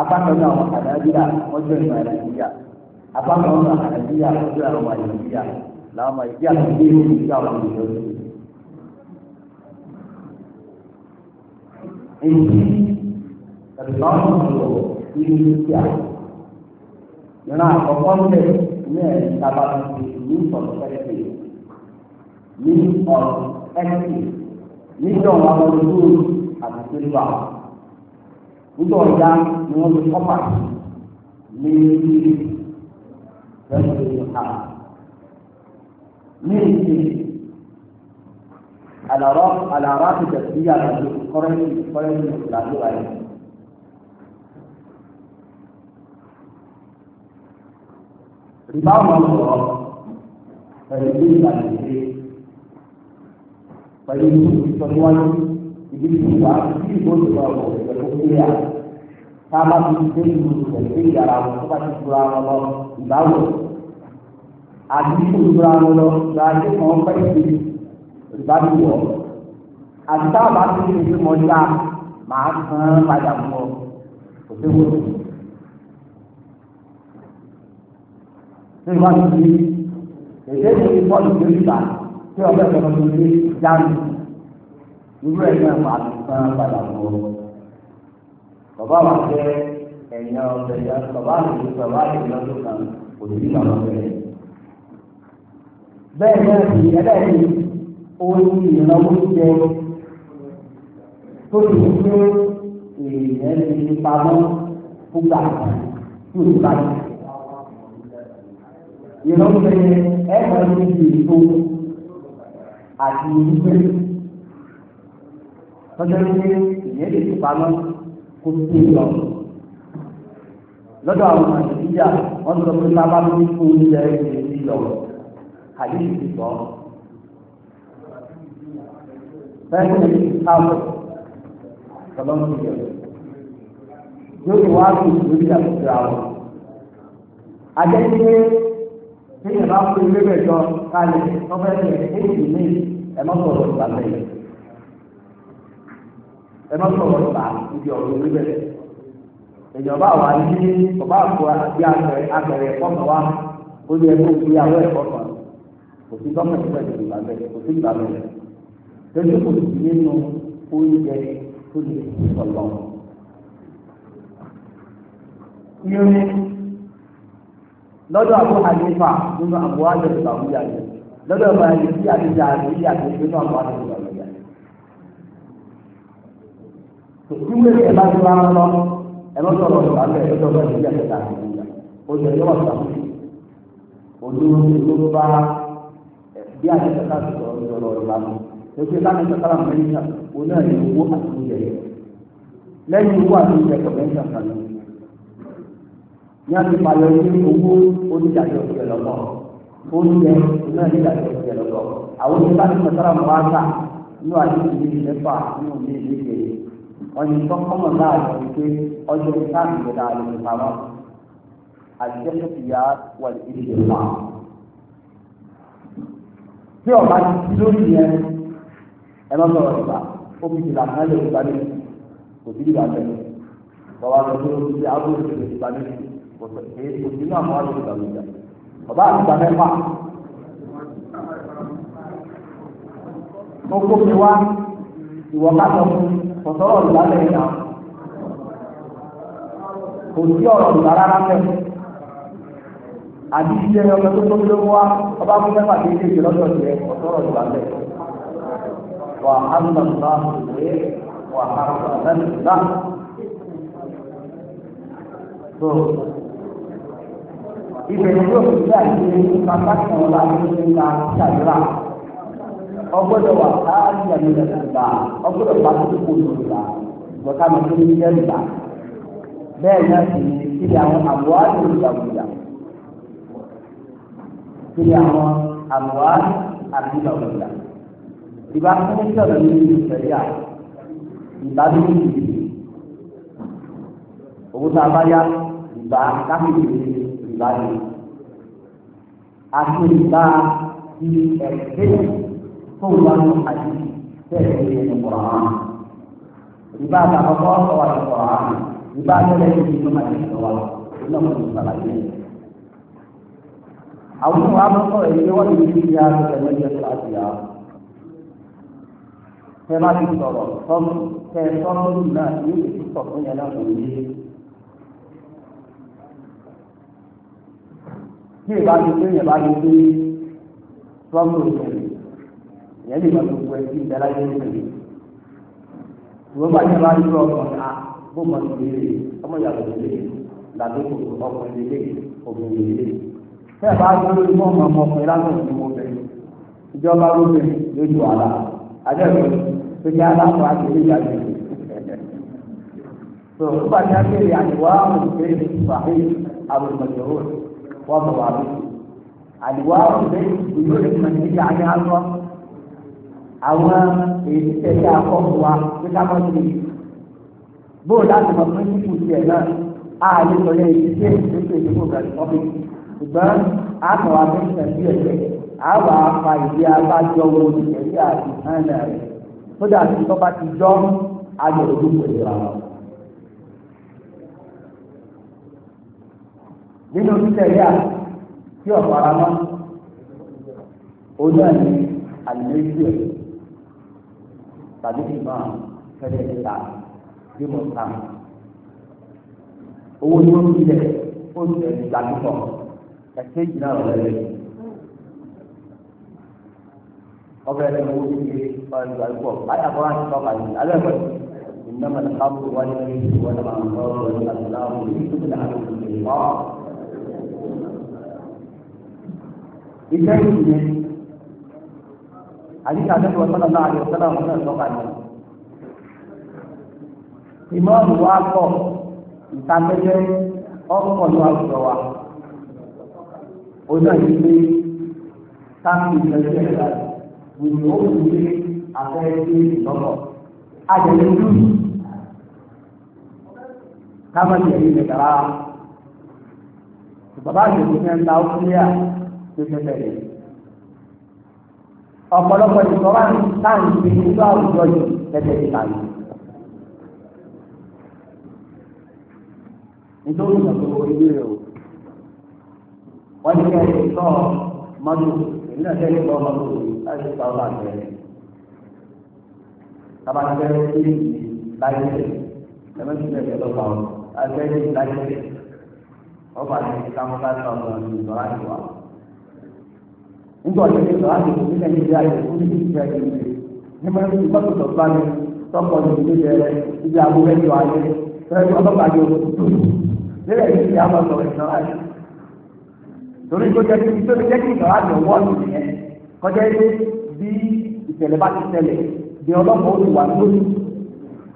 apákan náà wọn àlàkàlẹ́síyà wọ́n jẹ́ ìmọ̀ àlàkàlẹ́síyà apákan náà àlàkàlẹ́síyà wọ́n jẹ́ àwọn àlàkàlẹ́síyà làwọn ọmọ ìdí àtúndé ìlú ìdí àwọn ìlú lórí. èyí ẹ̀rọ náà ń sọ̀rọ̀ sí dúkìá. ìran àkọ́kọ́ ń bẹ̀ ní ẹ̀rí sábà ti ní ìsọ̀rọ̀ ẹ̀sìn ní ọ̀rọ̀ ẹ̀sìn níjọ́ wọn lọ sí òòlù àti sílùbà. níjọ́ ọ̀dá ni wọ́n lè kọ́pà ní ìlú lẹ́sìn ìhà. ní ìsìn àlàrọ́ àlàrọ́ àti tẹ̀síyà lọ́dún kọ́rẹ́sì kọ́rẹ́sì ìgbàlódé ayé. ìbáwọn ọ̀rọ̀ pẹ̀lú bí ìlànà ìṣe pẹ̀lú ìsọ̀nwájú ìdílé ìwà bí ìgbóhùnmọ̀ ọ̀rọ̀ pẹ̀lú kíríà tá a bá ti dé ìlú pẹ̀lú ìyàrá wọn tó bá ti fura wọn lọ ìbáwọ̀ àti ìfura wọn lọ láti kàn pẹ́ sí ìbáwọ̀ àti tá a bá ti dé ìlú mọ́jà máa san padà tí wọ́n ti di èdè ní bọ́ọ̀lù tó ń gbà tí ọ̀bẹ ìfọ̀nà tó ní dánù irú ẹ̀ náà máa ti sàn padà wọ̀ bàbá wa jẹ́ ẹ̀yàn ọ̀bẹ̀ yẹn bàbá àti bàbá àti lọ́dún kan kò sí bàbá bẹ̀rẹ̀ bẹ́ẹ̀ náà sì ẹlẹ́yìn orí ìnáwó jẹ tó ti gbé èèyàn ti pamọ́ fúgbà kan tó ti bá yẹn ìrọ́pẹ́ ẹ̀rọ níbi ètò àti ìdílé lọ́jọ́ ní ìyẹn lè fi pamọ́ kó tó lọ. lọ́dọ̀ àwọn àṣìṣíyà wọ́n sọ pé bàbá mi kú oúnjẹ ìrìn sí lọ àyíṣe ti sọ. bẹ́ẹ̀ ni káwọ̀ tọ́lọ́mù yóò wá sí ìlú ìyàtọ̀ àwọn. àjẹsílẹ̀ kéèyàn bá kó ilé bẹ̀ jọ kalẹ̀ lọ́fẹ́ tẹ̀ éèdì ní ẹ má sọ̀rọ̀ ìgbà bẹ́ẹ̀ ẹ má sọ̀rọ̀ ìgbà ibi ọ̀rọ̀ ilé bẹ̀ ìjọba wa ní ọba àpò àti àgbẹ̀rẹ̀ ẹ̀kọ́ wa ó yẹ kó fi àwọn ẹ̀kọ́ kan kò sí gọ́ọ̀mẹ̀ntì pẹ̀lú ìgbà bẹ́ẹ̀ kò sí ìgbà bẹ́ẹ̀ lórí kò sí nínú lọ́dọ̀ àbú àyífà nínú àbú àjọ ìgbàgbọ́yà yẹn lọ́dọ̀ àbú àyífì àdìjà àdìjì àdìjì nínú àbú àjọ ìgbàgbọ́yà yẹn. ìwé ẹ̀ bá ti rán lọ ẹ̀rọ tó lọ sọ̀rọ̀ abẹ́ ẹ̀rọ tó ìdíjà kẹta àdìjà oṣù ẹ̀yọ́ wà sàmù olóró bá bí sọ̀rọ̀ oṣù mẹ́rin náà owó àti lẹ́yìn owó àti ní a ti pààyọ ní owó onídàájọ́ ìjẹ lọ́tọ̀ oúnjẹ iná onídàájọ́ ìjẹ lọ́tọ̀ àwọn onígbà tí mo sára mọ́ àṣà nínú àti ìdílé mẹ́fà nínú ilé ìdílé ọ̀nì tó kọ́mọ̀ náà ti pé ọjọ́ ìsáàmì ìjọba àlejò pamọ́ àjẹsẹ̀ ìyá wà ní ìdílé wa. tí ọba ti di lórí yẹn ẹ má sọ̀rọ̀ ìgbà ó fi ìlà kan lè gbà ní kò sí ìgbà bẹ́ẹ̀ bọ́wá lọ sí orí àwọn olùdíje ìgbà ní kò àbí iṣẹ́ ọmọ tó tóbi lówó wá ọba fún mẹ́fà tó ṣe ìṣe lọ́dọ̀ ìṣẹ́ ọ̀sọ́rọ̀ ìgbàlẹ̀ wà á ń lọ sọ àwọn ìwé wà á ń lọ sọ ìbẹ̀rẹ̀ yóò fi gbé àìsí bàbá kan ọ̀la nínú ìta ṣàdúrà ọgbọ́dọ̀ wà káàdì àmì ìgbà ọgbọ́dọ̀ bá tó kó lòdì gbà gbọ́dọ̀ àmì tó ní jẹ́ ìgbà bẹ́ẹ̀ náà sì ni síbi àwọn àbúrò ìgbàgbọ́dà síbi àwọn àbúrò àbúgbàgbọ́dà ìbá fún ìṣẹ̀lẹ̀ nínú ìṣẹ̀lẹ̀ ìbá tó ní ìdìbò owó tá a bá káfíńtì láyé àti ìgbà di ẹ̀gbẹ́ tó wà ní àyè bẹ́ẹ̀ ní ẹ̀yẹ kọ̀ọ̀rọ̀ hàn ìbá àtàkọ́kọ́ ọ̀wà ní kọ̀ọ̀rọ̀ hàn ìbá àtẹ̀lẹ́ ní ìlú máa ní ìlọ́wà ìlú ọ̀pọ̀ ní ìsàlàyé. àwọn ìwà àbúkọ̀ ẹ̀yẹ wọ́n ti fi ya ẹ̀mẹ́ yẹ kó láti yà tẹ ti sọ̀rọ̀ tọ́ tẹ tọ́ lórí náà ní ìsọ̀tún tí ìbá ti tó yẹn bá ti tó fọ́ọ̀mù ìbẹ̀rẹ̀ ìyẹn lè máa gbogbo ẹ̀ sí ìdára yẹn ìbẹ̀rẹ̀ ìwọ́n bá yẹn bá ti tó ọkọ̀ náà bó mọ̀ ní ìbéèrè ọmọ ìyàwó ìbéèrè làbẹ́ kò ọkọ̀ ìbéèrè obìnrin ìbéèrè tẹ́ ẹ̀ bá gbé mọ́ ọmọ ọmọkùnrin lásán ìlú obìnrin ìjọba lóbìnrin lójú àlà àjẹ́rò tó jẹ́ aláwọ̀ àgbèrè ìyàgbé tó nígbà tí a kéde àdìwọ́ وضوابطه الواو بين بيوع المنهي عن الله أو إتجاه قوة بتعمل bóò láti mọ fún yíkù tiẹ̀ náà a lè sọ yẹn èyí tí èyí tó tẹ̀lé kó gbà lọ́bí ṣùgbọ́n a kàn wá fún ìṣẹ̀lẹ̀ ẹ̀jẹ̀ a wà á fa ìdí abájọ wo ìṣẹ̀lẹ̀ àti ìṣẹ̀lẹ̀ rẹ̀ kódà tí wọ́n bá ti jọ́ a lè dúpọ̀ ìṣẹ̀lẹ̀ wọn. nínú títẹ̀ yá tí ọ̀pára mọ́ ojú àní àlùmẹ́sì ẹ̀ tàbí ìmọ̀ fẹ́lẹ́ ìta bí mo ta owó ní oṣù ilẹ̀ ó ti ẹ̀ gbà púpọ̀ ẹ̀ṣẹ́ yìí náà rẹ̀ lẹ́yìn ọbẹ̀ rẹ̀ mo wí pé ọ̀rẹ́ ìgbà púpọ̀ ayàbọ̀ láti tọ́ ka yìí alẹ́ pẹ̀lú ìnáwó ni káàpù wáyé ní ìwọ́n náà máa ń sọ ọ́ lọ́wọ́ ní àtúndáwọ̀ ní ìtúbí náà ló ń bọ̀. ìkẹyìn ìyẹn àdìsí àdẹ́tọ̀ sọ́dọ̀ náà àdìsí sọ́dọ̀ àwọn náà sọ́kà yẹn. ìmọ̀ọ́nù wa kọ̀ ìtàkẹ́jẹ́ ọ̀pọ̀ ní àwùjọ wa. ó náà yí pé táàkì ìgbẹ́jẹ́ ìgbà gbogbo ó wù pé àfẹ́ẹ́sì ìlọ́kọ̀. àjẹ̀lẹ̀ ojú káwọn ìyẹn ìgbẹ̀dàrà. bàbá àjẹ̀lẹ̀ ń ta ó kúlẹ̀ à tẹ́tẹ́tẹ́lẹ̀. ọ̀pọ̀lọpọ̀ ìsọ̀rọ̀ táǹkì nínú àwùjọ yìí tẹ́tẹ́ ti bàyìí. nítorí ìṣàkóso ilé rẹ̀ o wọ́n ti kẹ́ ẹ̀ sọ mọ́tò èyí náà tẹ́lẹ̀ sọ mọ́tò láti sọ ọ́ àti ẹ̀ tabatẹ́ sí láyé lẹ́mẹ́sì lẹ́sẹ̀ lọ́pàá ọ̀ àti ẹ̀ láyé ọba àti ìsàmúlá sọ̀rọ̀ ìsọ̀rọ̀ àti wàhálà nígbà tí ó sọ àti ìpínlẹ̀ nàìjíríà yìí fún ìgbà ìgbà nígbà tí ó sọ bá mi tọkọ ní ìlú bẹ̀rẹ̀ ibi àbú mẹ́jọ ayé fẹ́ẹ́ ọlọ́pàá yóò tó lélẹ̀ yìí ti àwọn sọ̀rọ̀ ìtàn ayé torí tó jẹ́ kí tó jẹ́ kí ìtàn ayé wọ́n ti yẹn kọjá ilé bí ìṣẹ̀lẹ̀ bá ti ṣẹlẹ̀ bí ọlọ́pàá ó ti wà lórí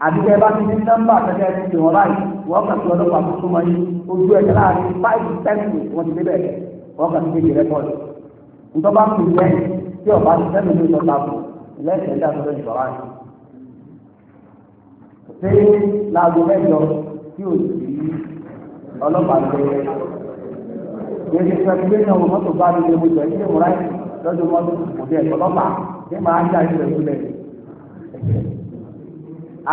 àdìgbẹ́ bá ti ní nọ́mbà kẹkẹ́ ti ti wọ́n báyìí wọ́n kà sí ọlọ́pàá tó súnmọ́ yìí ojú ẹ̀jẹ̀ láàrin fáìlì tẹ́ǹtì wọ́n ti débẹ̀ wọ́n kà sí kékeré pọ̀lù ntọ́ba kù yẹ tí ọba ti sẹ́nu ní ìjọba kù lẹ́sẹ̀ dá lórí ìjọba yìí. ṣé láago mẹ́jọ tí ò sí ọlọ́pàá ń bẹ̀rẹ̀ yẹ́nì sẹ́kúlẹ́sì ọmọ mọ́tò bá mi lé mo jọ ilé ìmúra yìí lọ́dún mọ́tò kò dé ẹ̀kọ́ lọ́pàá ní màá ń dájú rẹ̀ sílẹ̀.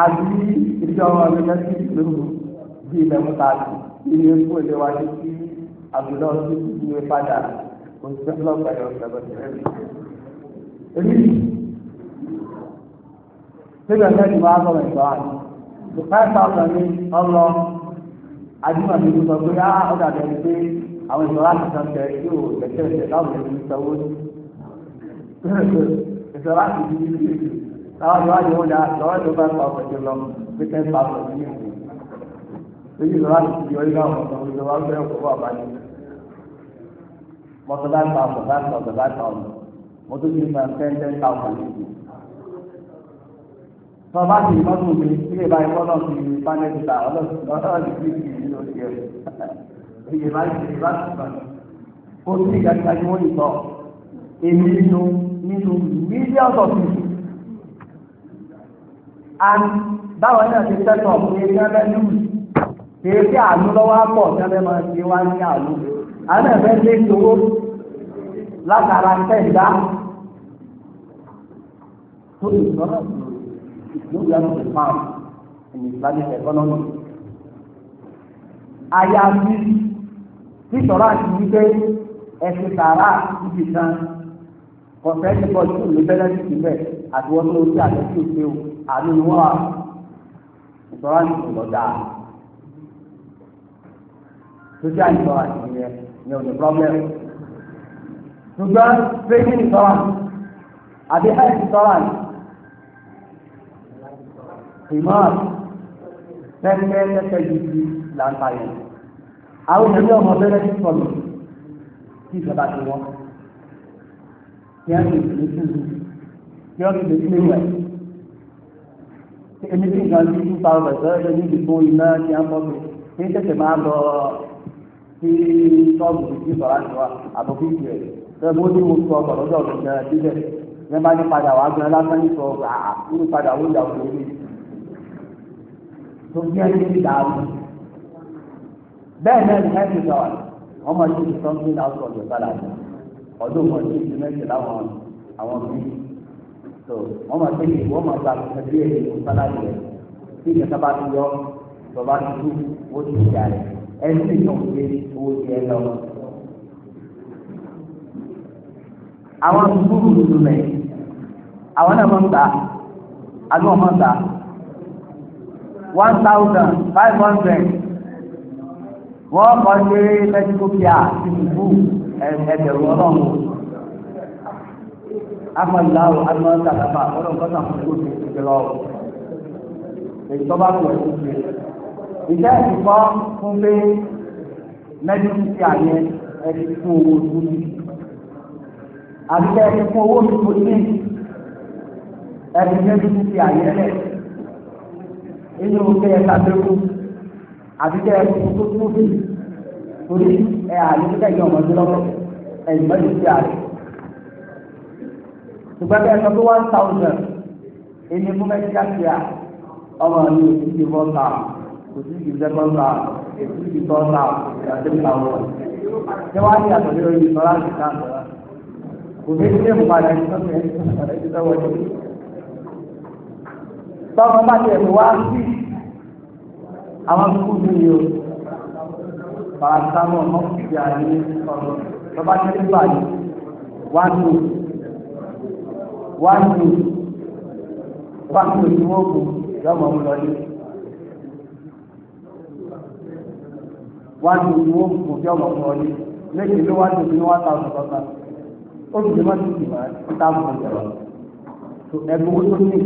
àbí ìjọ ọmọ mi lọ sí ìlú bíi ilẹ̀ mọ́tà àti ilé ìfowópamọ́ wájú sí àbúrò ọdún ìwé padà. Síbẹ̀ lẹ́yìn bá sọ̀rọ̀ ìgbà àti five thousand ní ọlọ adúmọ̀bí ló sọ pé á ọ̀dà bẹ̀rẹ̀ pé àwọn ìṣọ̀rọ̀ àtìsàn tẹ̀ yóò tẹ̀tẹ̀ tẹ̀ láwọn ènìyàn ń sanwó ní. Ìṣọ̀rọ̀ àtìsàn ní ìlú ìlú táwọn ìwádìí wọn dà lọ́wọ́ tó bá pa ọ̀pẹ̀ lọ pé ten thousand ní ìlú. Èyí ìṣọ̀rọ̀ àtìsàn yọ ilé àwọn mọ̀tọ́dá tàwọn bàbá tàwọn bàbá tàwọn mọ́tò tí ma ten ten thousand níbi. tọ́ bá ti mọ́tò mi ilé báyìí kọ́ náà fi pánẹ́lì ta ọlọ́sọ̀rọ̀ ti fi kì í lọ sí ẹ̀. ìyè bá ti ìyè bá ti sọ̀rọ̀. ó sì gàdúrà ni wọ́n lè sọ èmi nínú nínú mílíọ̀nù ọ̀sìn. and báwọn náà ti tẹ́tọ̀ pé ẹgbẹ́ bẹ́ẹ̀ ní ìwé. kì í sí àlú lọ́wọ́ á pọ̀ àwọn ẹ̀fẹ́ lé ìṣòro látara ń tẹ̀dá tó ìṣòro ìṣòro yàtọ̀ sí pound in Islamic economy. àyàfi sísọ̀rọ̀ àti wípé ẹ̀sìn tààrà ibi kan kọ̀fẹ́ ti bọ̀ sí ìlú bẹ́lẹ́sì síbẹ̀ àti wọ́n tó ń gbé àtẹ̀sí òṣè o àmì ìwọ́n wa ìṣòro àti ìṣòro dáa. Sosial ìṣòro àti ìṣòro ní ọ̀dọ̀ problem. ṣùgbọ́n breaking insurance àbí health insurance remark tẹ́tẹ́tẹ́tẹ́ yìí láǹtà yẹn. àwọn ènìyàn ọmọ bẹ́rẹ̀ ti sọ̀rọ̀ sí ìjọba ti wọ́n. kí á lè fi túbú kí á lè fi wẹ̀. èmi ti gbà ní two thousand ẹ̀rọ ẹ̀rọ ní ìdìbò iná ní àpọ̀ mi kí n tẹ̀sẹ̀ máa lọ tí sọ́ọ̀bù tí bàbá ti wá àbùkù ìgbẹ́ rẹ̀ mo ní mo sọ ọkọ̀ lọ́jọ́ ọ̀gbìn náà síbẹ̀ ní bá ní padà wá gan lásán ní sọ ọkọ̀ àà ní padà wó ìyàwó lórí tó bí ẹni ti dà á bẹ́ẹ̀ náà ní ẹ̀sìn sọ̀rọ̀ wọ́n máa ṣe something out of the balance ọdún kan tí ìdí mẹ́sì láwọn àwọn mi so wọ́n máa ṣe kí wọ́n máa gba ẹbí ẹ̀yìn fún ẹni tí yóò gbé owó tiẹ lọ. àwọn sùkúrù tuntun mẹ àwọn náà máa ń ta àdúgbò máa ń ta one thousand five hundred wọ́n kọ́ ṣe mẹ́tíkópíà tìǹbù ẹgbẹ̀rún ọlọ́run amọ̀láwò amọ̀láwò àgbàfà ọlọ́run kọ́sà fún ìgbòkè ìgbèlọ́rùn èyí tó bá pọ̀ ìgbòkè ìjẹ́ ìfọ́ fún pé mẹ́jọ́sí sí àyẹ ẹni fún owó tó ní àbíkẹ́ ẹni fún owó tó ní ẹni mẹ́jọ́sí sí àyẹ rẹ̀ inú kẹ́ ẹ tàbíkú àbíkẹ́ ẹni fún tó tó fi torí ẹ àyẹ̀kẹ́ ìjọ ọmọdé lọ́wọ́ ẹni mẹ́jọ́sí sí àyẹ ṣùgbọ́n kẹ́ ẹ sọ pé one thousand ẹni fún mẹ́jọ́sí àyẹ ọmọ mi ò ti di four thousand òtútù sẹ́kọ́ńtà òtútù tọ́ta ìdájọ́ ìtàwọ̀ ṣé wàá ní àtọ̀lé orí ìtọ́lá ti ká àtọ̀lá kò ní ilé ìmọ̀lẹ́ tọ́kọ bá tiẹ̀ fi wá sí àwọn kúkú mi o paracetamol mọ́kùtì àní ọ̀rọ̀ tọ́ba ti rí báyìí wá ní wá ní wá ní òṣùwọ̀n òkú yọmọ wájú ni wọ́n kò fi ọ̀rọ̀ fún ọdún lẹ́yìn ló wájú ni wọ́n ta ọ̀sán kan ó sì lè má ti tìmọ̀ ẹ́ tá a kò tó ẹ̀bùn owó tó ní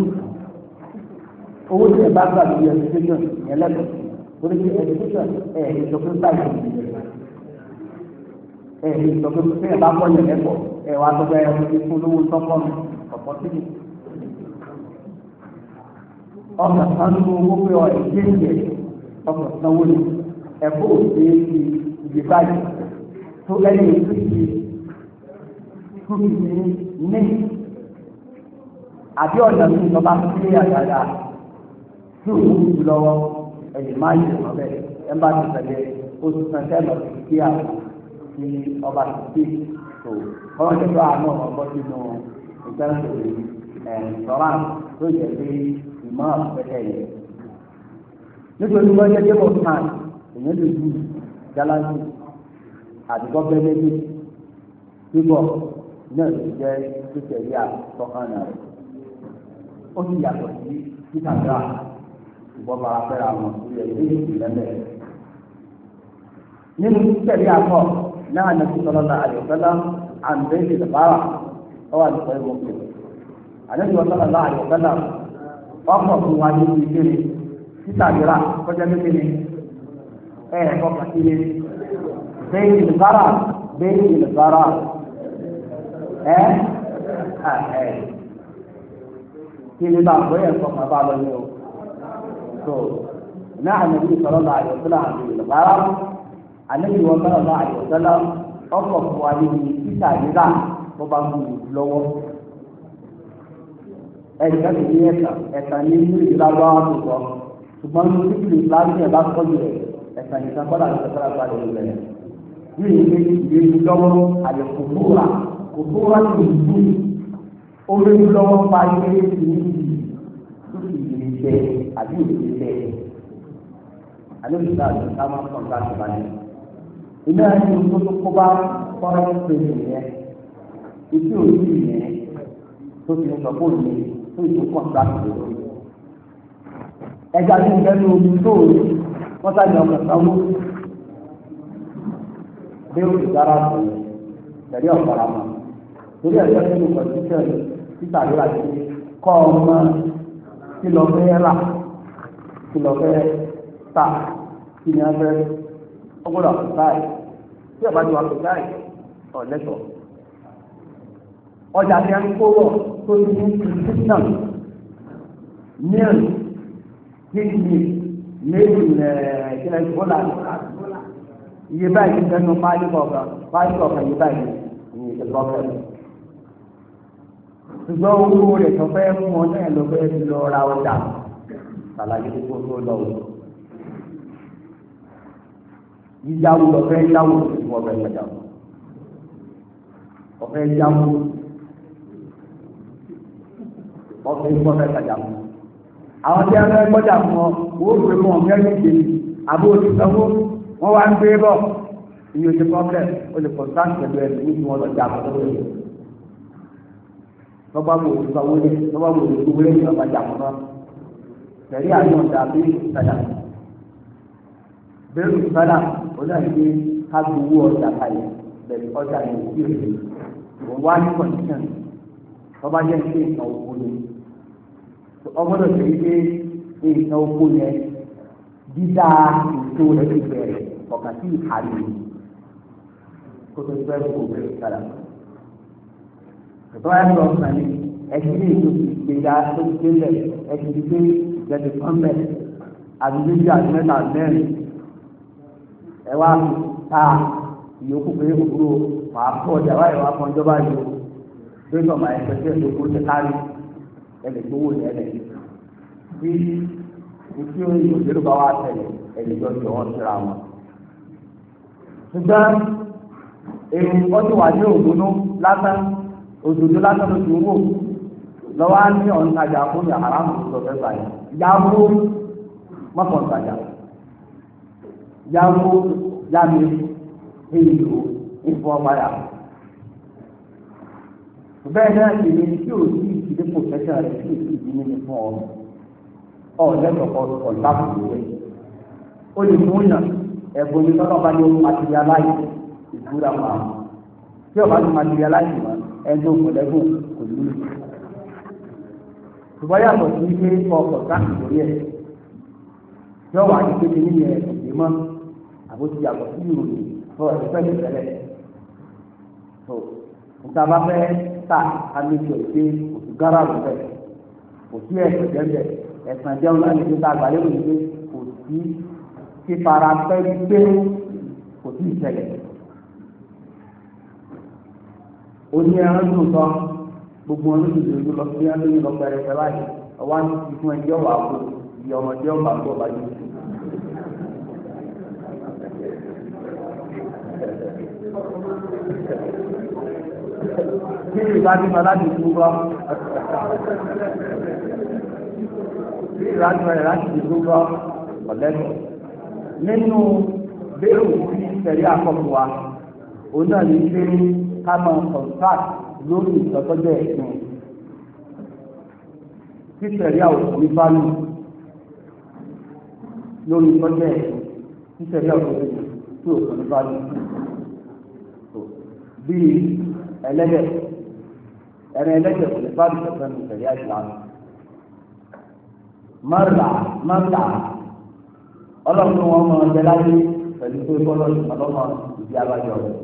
owó tí ẹ bá gbà lórí ẹdùkéṣọ̀n yẹn lẹ́kọ̀ọ́ torí pé ẹdùkéṣọ̀n ẹ̀ sọ pé báyìí ẹ̀ ẹ̀ sọ pé pé ẹ bá kọ́ yẹn lẹ́kọ̀ọ́ ẹ̀ wá sọ pé ẹ fún lówó tọ́kọ́ mi ọ̀pọ̀ sí mi ọkàn kan ló owó pé ọ ẹ̀fọ́ òṣèré ti ìdè báyìí tó lẹ́yìn ètò ìdè tó ti ní ní àbí ọ̀nà tó ìjọba sílé àgàgà tí ò ní jù lọ́wọ́ ẹ̀yìn máa yẹ̀ wọ́n bẹ́ẹ̀ ẹ̀ bá ti tẹ̀lé oṣù kan tẹ́lọ̀ sí kí àwọn ti ọba ti sí tó kọ́ńtà tó àánú ọ̀gbọ́n sínú ìtẹ́sọ̀rọ̀ ẹ̀ sọ́ra tó yẹ pé ìmọ̀ àpẹẹrẹ yẹn nítorí wọ́n yẹ kí wọ́n kàn èèyàn lè ju gáláṣí àdìgbọ́ bẹ́lẹ́dì bíbọ̀ náà lè jẹ́ títẹ̀lé àtọ́kàn náà rẹ̀ ó sì yàtọ̀ sí títàdúrà ìbọn bá fẹ́ra wọn sí ẹ̀ ní ìlẹ́lẹ̀ nínú títẹ̀lé àkọ́ náà nàbí sọlọ́lá àyọ̀fẹ́lá àǹdé ìlẹ̀bára ọwọ́ àdìgbọ́ ìwọ̀n kìlọ̀ àdìgbọ́ sọlọ́lá àyọ̀fẹ́lá ọkọ̀ fún wa ní ìdílé títàdúrà kọjá méjèèjì ẹ̀kọ́ kàkiri bẹ́ẹ̀ ìlbára bẹ́ẹ̀ ìlbára ẹ́ ẹ̀ kí ni bá bọ́ ẹ̀kọ́ kan bá lọ ní o tó náà ànábì sọ̀rọ̀ bá àyọ̀ sílẹ̀ àti ìlbára ànábì wọn sọ̀rọ̀ bá àyọ̀ sílẹ̀ ọkọ̀ fún wa ní títà nílà bó bá mú mi lọ́wọ́ ẹ̀ka lè ní ẹ̀ka ẹ̀ka ní ìlú ìlú aláwọ̀ àtúntò ṣùgbọ́n ní ìlú ìlú aláwọ̀ àtúntò ẹ̀sán nìkan kọ́lá àti ẹ̀sán àti àlejò rẹ̀ yìí ní ìlú lọ́wọ́ àlè kòkóra kòkóra ní ìlú omi lọ́wọ́ pa ilé ìlú ìlú ìlú àbí ìlú ìlú àlè òṣìṣẹ́ àti sáwọn kọ̀ǹtà ìbàdàn ilé ẹni tó tó kó bá kọ́rọ́ pèsè yẹn ìdí òní yẹn tó ti sọ fún mi tó ìlú kọ̀ǹtà ìbàdàn ẹja tó bẹ́ẹ̀ ní omi tó o wọ́n sáàjì ọkọ̀ sáwọ́ bí ó ti dára tó tẹ̀lé ọ̀pọ̀ra mọ́ torí ẹ̀jọ́ nínú kọ̀ǹtíṣẹ̀ títà lóra ti kọ́ ọmọ kí lọ fẹ́ rà kí lọ fẹ́ tà kí ni a fẹ́ ọgbọ́dọ̀ àpòtáì tí ọba àpòtáì ọ̀lẹ́tọ̀ ọjà tí a ń kó wọ̀ tó ní kìrìsìtàn mìíràn kí ni méjì ẹ̀ bọ́là iye báyìí ń tẹnu páálí kọ̀ọ̀kan páálí kọ̀ọ̀kan iye báyìí ní ìlọ́kẹ́ ṣùgbọ́n owó rẹ̀ tó fẹ́ mú ọ náà ló fẹ́ fi lọ ra ọjà ṣàlàyé gbogbo tó lọ wò. yíyáwó lọ́fẹ́ yáwó ìwọ fẹ́ yàjà wò. ọ̀fẹ́ yáwó ọ̀fẹ́ ìwọ fẹ́ yàjà wò àwọn tí a fẹ́ gbọ́dà fún ọ owó pé fún ọmọ ẹ̀rí ìdè àbó o ti sanwó wọ́n wá ń gbé bọ̀ iye oṣù kọ́kẹ́ o lè pọ̀ sáà pẹ̀lú ẹ̀ ní ìwọ̀n lọ́jà àkọ́kọ́ rẹ̀ lọ́ba wo oṣù sanwó lé lọ́ba wo oṣù sanwó lé ní ọba jà fún ọ tẹ̀lé àjọ ọ̀dà bí ìsàdà bẹ́ẹ̀ ìsàdà ó dà ní ká gbowó ọjà kalẹ̀ bẹ̀rẹ̀ ọjà yẹn sí òṣèlú òun wá ní kọ̀ǹtíṣàn lọ́ba jẹ́ ní ọgbọ́dọ̀ ṣe wípé nǹkan oko yẹn dídá ètò rẹ̀ ti bẹ̀rẹ̀ ọ̀kà sí ìhàlù kó tó ti bẹ́ẹ̀ kó bẹ̀rẹ̀ sára. ìtọ́wá yẹn lọ sàn ní ẹ̀sìn ní ètò ìgbéga tó ti délẹ̀ ẹ̀sìn ti dé ìjẹ́bi pọ́ńbẹ̀ àdúgbò bíi àdúmẹ́ta mẹ́rin ẹ wá ta ìyókù pé òkúrò wàá pọ̀ ọjà wáyé wàá pọ̀ ọjọ́ báyìí o pé sọ̀mà ẹ̀sẹ̀ tí ẹ̀sẹ̀ òkúrò ti kárí ẹlẹ́ gbowó ní ẹlẹ́ bí ìfi òyìnbó lérò bá wà tẹ̀lé ẹlẹ́ jọ jọ wọ́n síra wọn. ṣùgbọ́n èrò ọdún wà ní òdòdó lásán òdòdó lásán ló ti wò lọ́wọ́ á ní ọ̀ntajà fún yàrá mọ̀tòfẹ́ báyìí yàwó mọ̀tòǹtajà yàwó yàmi èyí ló ń fọ́ báyà bẹ́ẹ̀ náà sì ni tí ò sí ìdílé kò fẹ́ṣẹ̀ rẹ̀ sí èsì ìdílé ní fún ọ ọ lẹ́kọ̀ọ́ ọ̀tá kùkù rẹ̀ ó lè mú yàn ẹ̀bùn ní tọ́lọ́ bá ní materialize ìbúra pa tí ọba ní materialize wọn ẹni òkú lẹ́gùn kò ní lè ṣùgbọ́n yàtọ̀ sí ilé ọkọ̀ káàkiri rẹ̀ tí ọwọ́ àti ní ẹ̀ ẹ̀dẹ́ mọ́ àbótí yàtọ̀ ìròyìn fún ẹ̀fẹ́ tà àlejò pé òtù gárà rò bẹ́ẹ̀ kò sí ẹ̀sìn jẹ́ńdẹ̀ ẹ̀sìn jẹun náà ní kíkà àgbáyé wò ní pé kò sí fífara pẹ́ pé kò sí ìṣẹ̀lẹ̀. ó ní ẹran tó sọ gbogbo wọn lóṣù tó lọ sí ẹran tó lọ pẹrẹ pẹrẹ báyìí ọwọ́ àti fífún ẹjọ́ wà kó ìyá ọmọdé ọgbà tó ọba yìí. Bí ìrájú máa láti ìlú bá bí ìrájú rẹ̀ láti ìlú bá ọ̀lẹ́nu. Nínú bẹ́rù tí ìṣẹ̀rí àkọ́kọ́ wa, òun náà ní pé ká máa kọ̀ǹtàkì lórí ìtọ́jọ́ ẹ̀sìn. Títẹ̀rí àwòrán ní bá lù lórí ìtọ́jọ́ ẹ̀sìn. Títẹ̀rí àwòrán tí òkú bá lù bíi ẹlẹ́dẹ̀ ẹran ẹlẹ́dẹ̀ kò lè bá àdùn kankan ní ìtẹ̀lé àìsàn mọ́tà mọ́tà ọlọ́run wọn mọ ọjọ́ láyé pẹ̀lú pé kọ́lọ́ọ̀sì ọlọ́mọ ìdí abájọ rẹ̀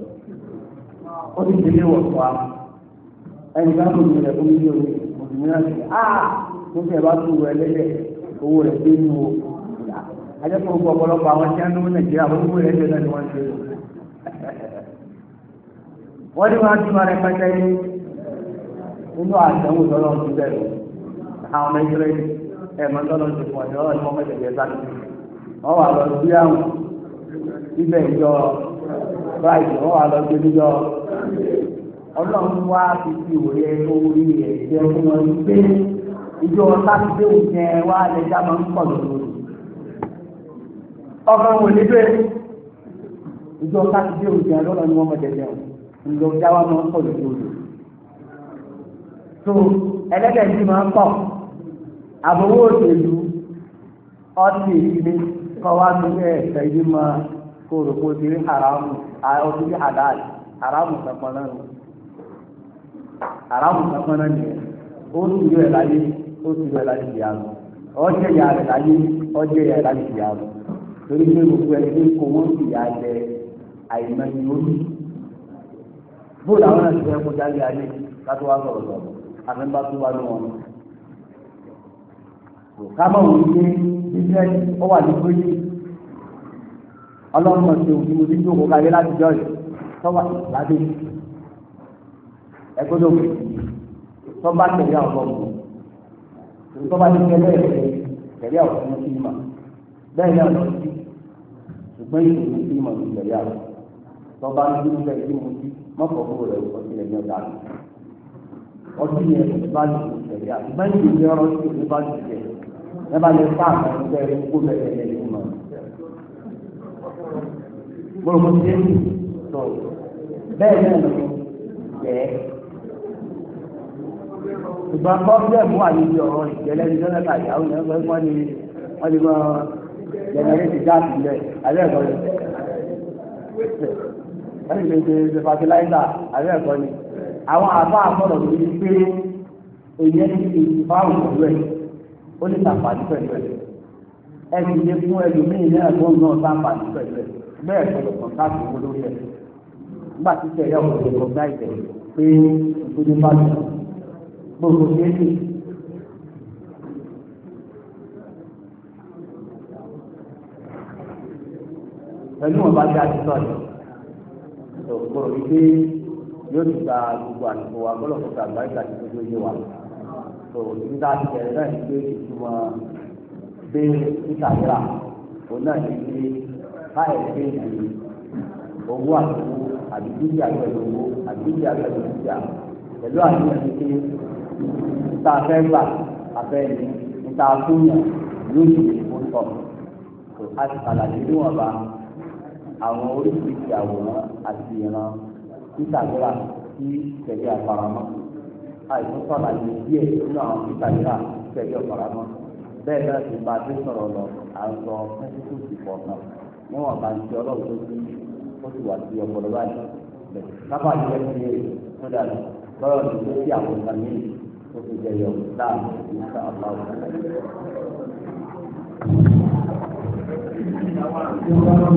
ó ti tẹ̀lé wọ̀ fún wa ẹnì kan kò tẹ̀lé fún mi ní omi òdùnmí náà ti a tó tẹ̀ bá tó wọ ẹlẹ́dẹ̀ owó rẹ̀ dé nù o ajẹ́pọ̀ gbọ́ ọ̀pọ̀lọpọ̀ àwọn tí wọ́n ń lò Nàìjíríà wọ́n ń wọ ẹlẹ́dẹ̀ náà ni wọ́n ń ṣe wọ́n ní wọ́n ti máa rẹ pẹ́tẹ́ ní inú àtẹ̀wò tọ́lọ́ ti bẹ̀rù àwọn ọmọ ìṣẹ́lẹ̀ ẹ̀mọ́ tọ́lọ́ ti pọ̀ ní ọ̀rọ̀ ìmọ̀ mẹ́tẹ̀ẹ̀ẹ́ sáré wọ́n wà lọ sí àwọn ibẹ̀ ìjọ báyìí wọ́n wà lọ sí ìjọ ọlọ́run wá fi fi òye orí ẹ̀ jẹ́ fún ìjọ òjẹ wá máa ń pọ̀ wò òjẹ lọ́nà ni wọ́n mọ̀ wọn. ìlò jáwá máa ń pọ̀ lójú odò. tó ẹlẹ́dẹ̀ tí máa ń pọ̀ àbówó òṣèlú ọtí ìdílé kọ́ wá sí ilé ẹ̀sẹ̀ yìí máa kó o rò pé o ti rí haramu o ti rí halal haramu kankan náà haramu kankan náà nìyẹn ó sì yọ ẹ̀ láyé ó sì yọ ẹ̀ láyé ìyá lọ ọjọ́ ìyá rẹ̀ láyé ọjọ́ ìyá rẹ̀ láyé ìyá lọ torí pé gbogbo ẹni tó kọ wọ́n sì yá jẹ àìmọ́ ni bóòlù àwọn náà ti fẹ́ kó jáde ayé kátó wá sọ̀rọ̀ sọ̀rọ̀ àmì ń bá tó wá ní wọn. kábọ̀ wò ṣe iṣẹ́ ó wà ní pé ọlọ́run ọ̀sẹ̀ òbí mo ti ń jókòó káyé láti jọ yìí tọ́wà lábẹ́ ẹgbẹ́ lóko tọ́ba tẹ̀lé àwọn ọmọ tọ́ba ti tẹ̀lé ẹ̀rẹ́ tẹ̀lé àwọn ọmọ sí ìmọ̀ bẹ́ẹ̀ náà lọ sí ṣùgbọ́n ìṣòro sí ìmọ̀ ìṣẹ̀lẹ̀ àwọn tọ́ba ń dúró bẹ́ẹ̀ sí mo sí mọ́kànlélọ́wọ́ rẹ̀ kọ́ sílẹ̀ ní ọ̀dà rẹ̀ ọdún yẹn bá lù ú tẹ̀lé ní ọ̀rọ̀ tí òun bá lù ú tẹ̀lé lẹ́bàá lè fà àwọn ọ̀gbẹ́ rẹ̀ kó bẹ̀rẹ̀ rẹ̀ ní mọ̀. gbọ́dọ̀ tí èyí sọ bẹ́ẹ̀ náà ló jẹ́ ìgbà pọ́blẹ́mù wà níbi ọ̀rọ̀ ìjẹ́lẹ́ ní lọ́lẹ́ka ìyàwó ní wọ́n ní wọ́n ní ìgbésẹ̀ ṣe fàtíláìsà àbẹ́ ẹ̀kọ́ ni àwọn àbá àkọ́rọ̀ ló ti pé èyí ẹni ti fáwọn pẹ̀lú ẹ̀ ó lè sàǹfààní pẹ̀lú ẹ̀ ẹ sì lè fún ẹlòmíì ní ẹ̀gbọ́n náà sàǹfààní pẹ̀lú ẹ̀ bẹ́ẹ̀ sọ̀rọ̀ kan káàkiri owó lórí ẹ̀ nígbà tí tẹ̀lé ọ̀pọ̀ ẹ̀kọ́ gbá ìtẹ̀ pé ìpínlẹ̀ bàbá gbogbo kéèké pẹ̀lú ọ̀bá bí a ti sọ̀rọ̀ òkúrò wípé yóò ti gba gbogbo àtìkò wa gbọ́dọ̀ fún gbàgbá ìgbà tí gbogbo yé wa tó nígbà tí ẹ̀rẹ́ náà ti gbé ìtumọ̀ gbé títàyẹ̀rà òun náà ti gbé báyẹ̀ gbé ìlú owó àtìkò àbí pẹ̀lú owó àbí pẹ̀lú dúkìá pẹ̀lú àtìkò ti gbé níta fẹ́ gbà abẹ́ ni níta fún yàn yóò ti fún tọ̀ tó a ti kàlàyé níwọ̀nba àwọn oríṣiríṣi àwòrán àti ìran títàdúrà sí tẹ̀lé àfaramọ́ àìsàn sàlàyé díẹ̀ nínú àwọn títàdúrà tẹ̀lé àfaramọ́ bẹ́ẹ̀ náà ti bá dé sọ̀rọ̀ lọ à mẹ́tíkù ti pọ̀ kan níwọ̀n bá ń ti ọlọ́run tó ti ó sì wà sí ọpọlọ báyìí bẹ̀rẹ̀ sábà jẹ́ ti tó dàbí lọ́rọ̀ ní tó sí àwọn ìgbà míì tó fi jẹyọ láàbù nípa àbáwọ̀ Thank you.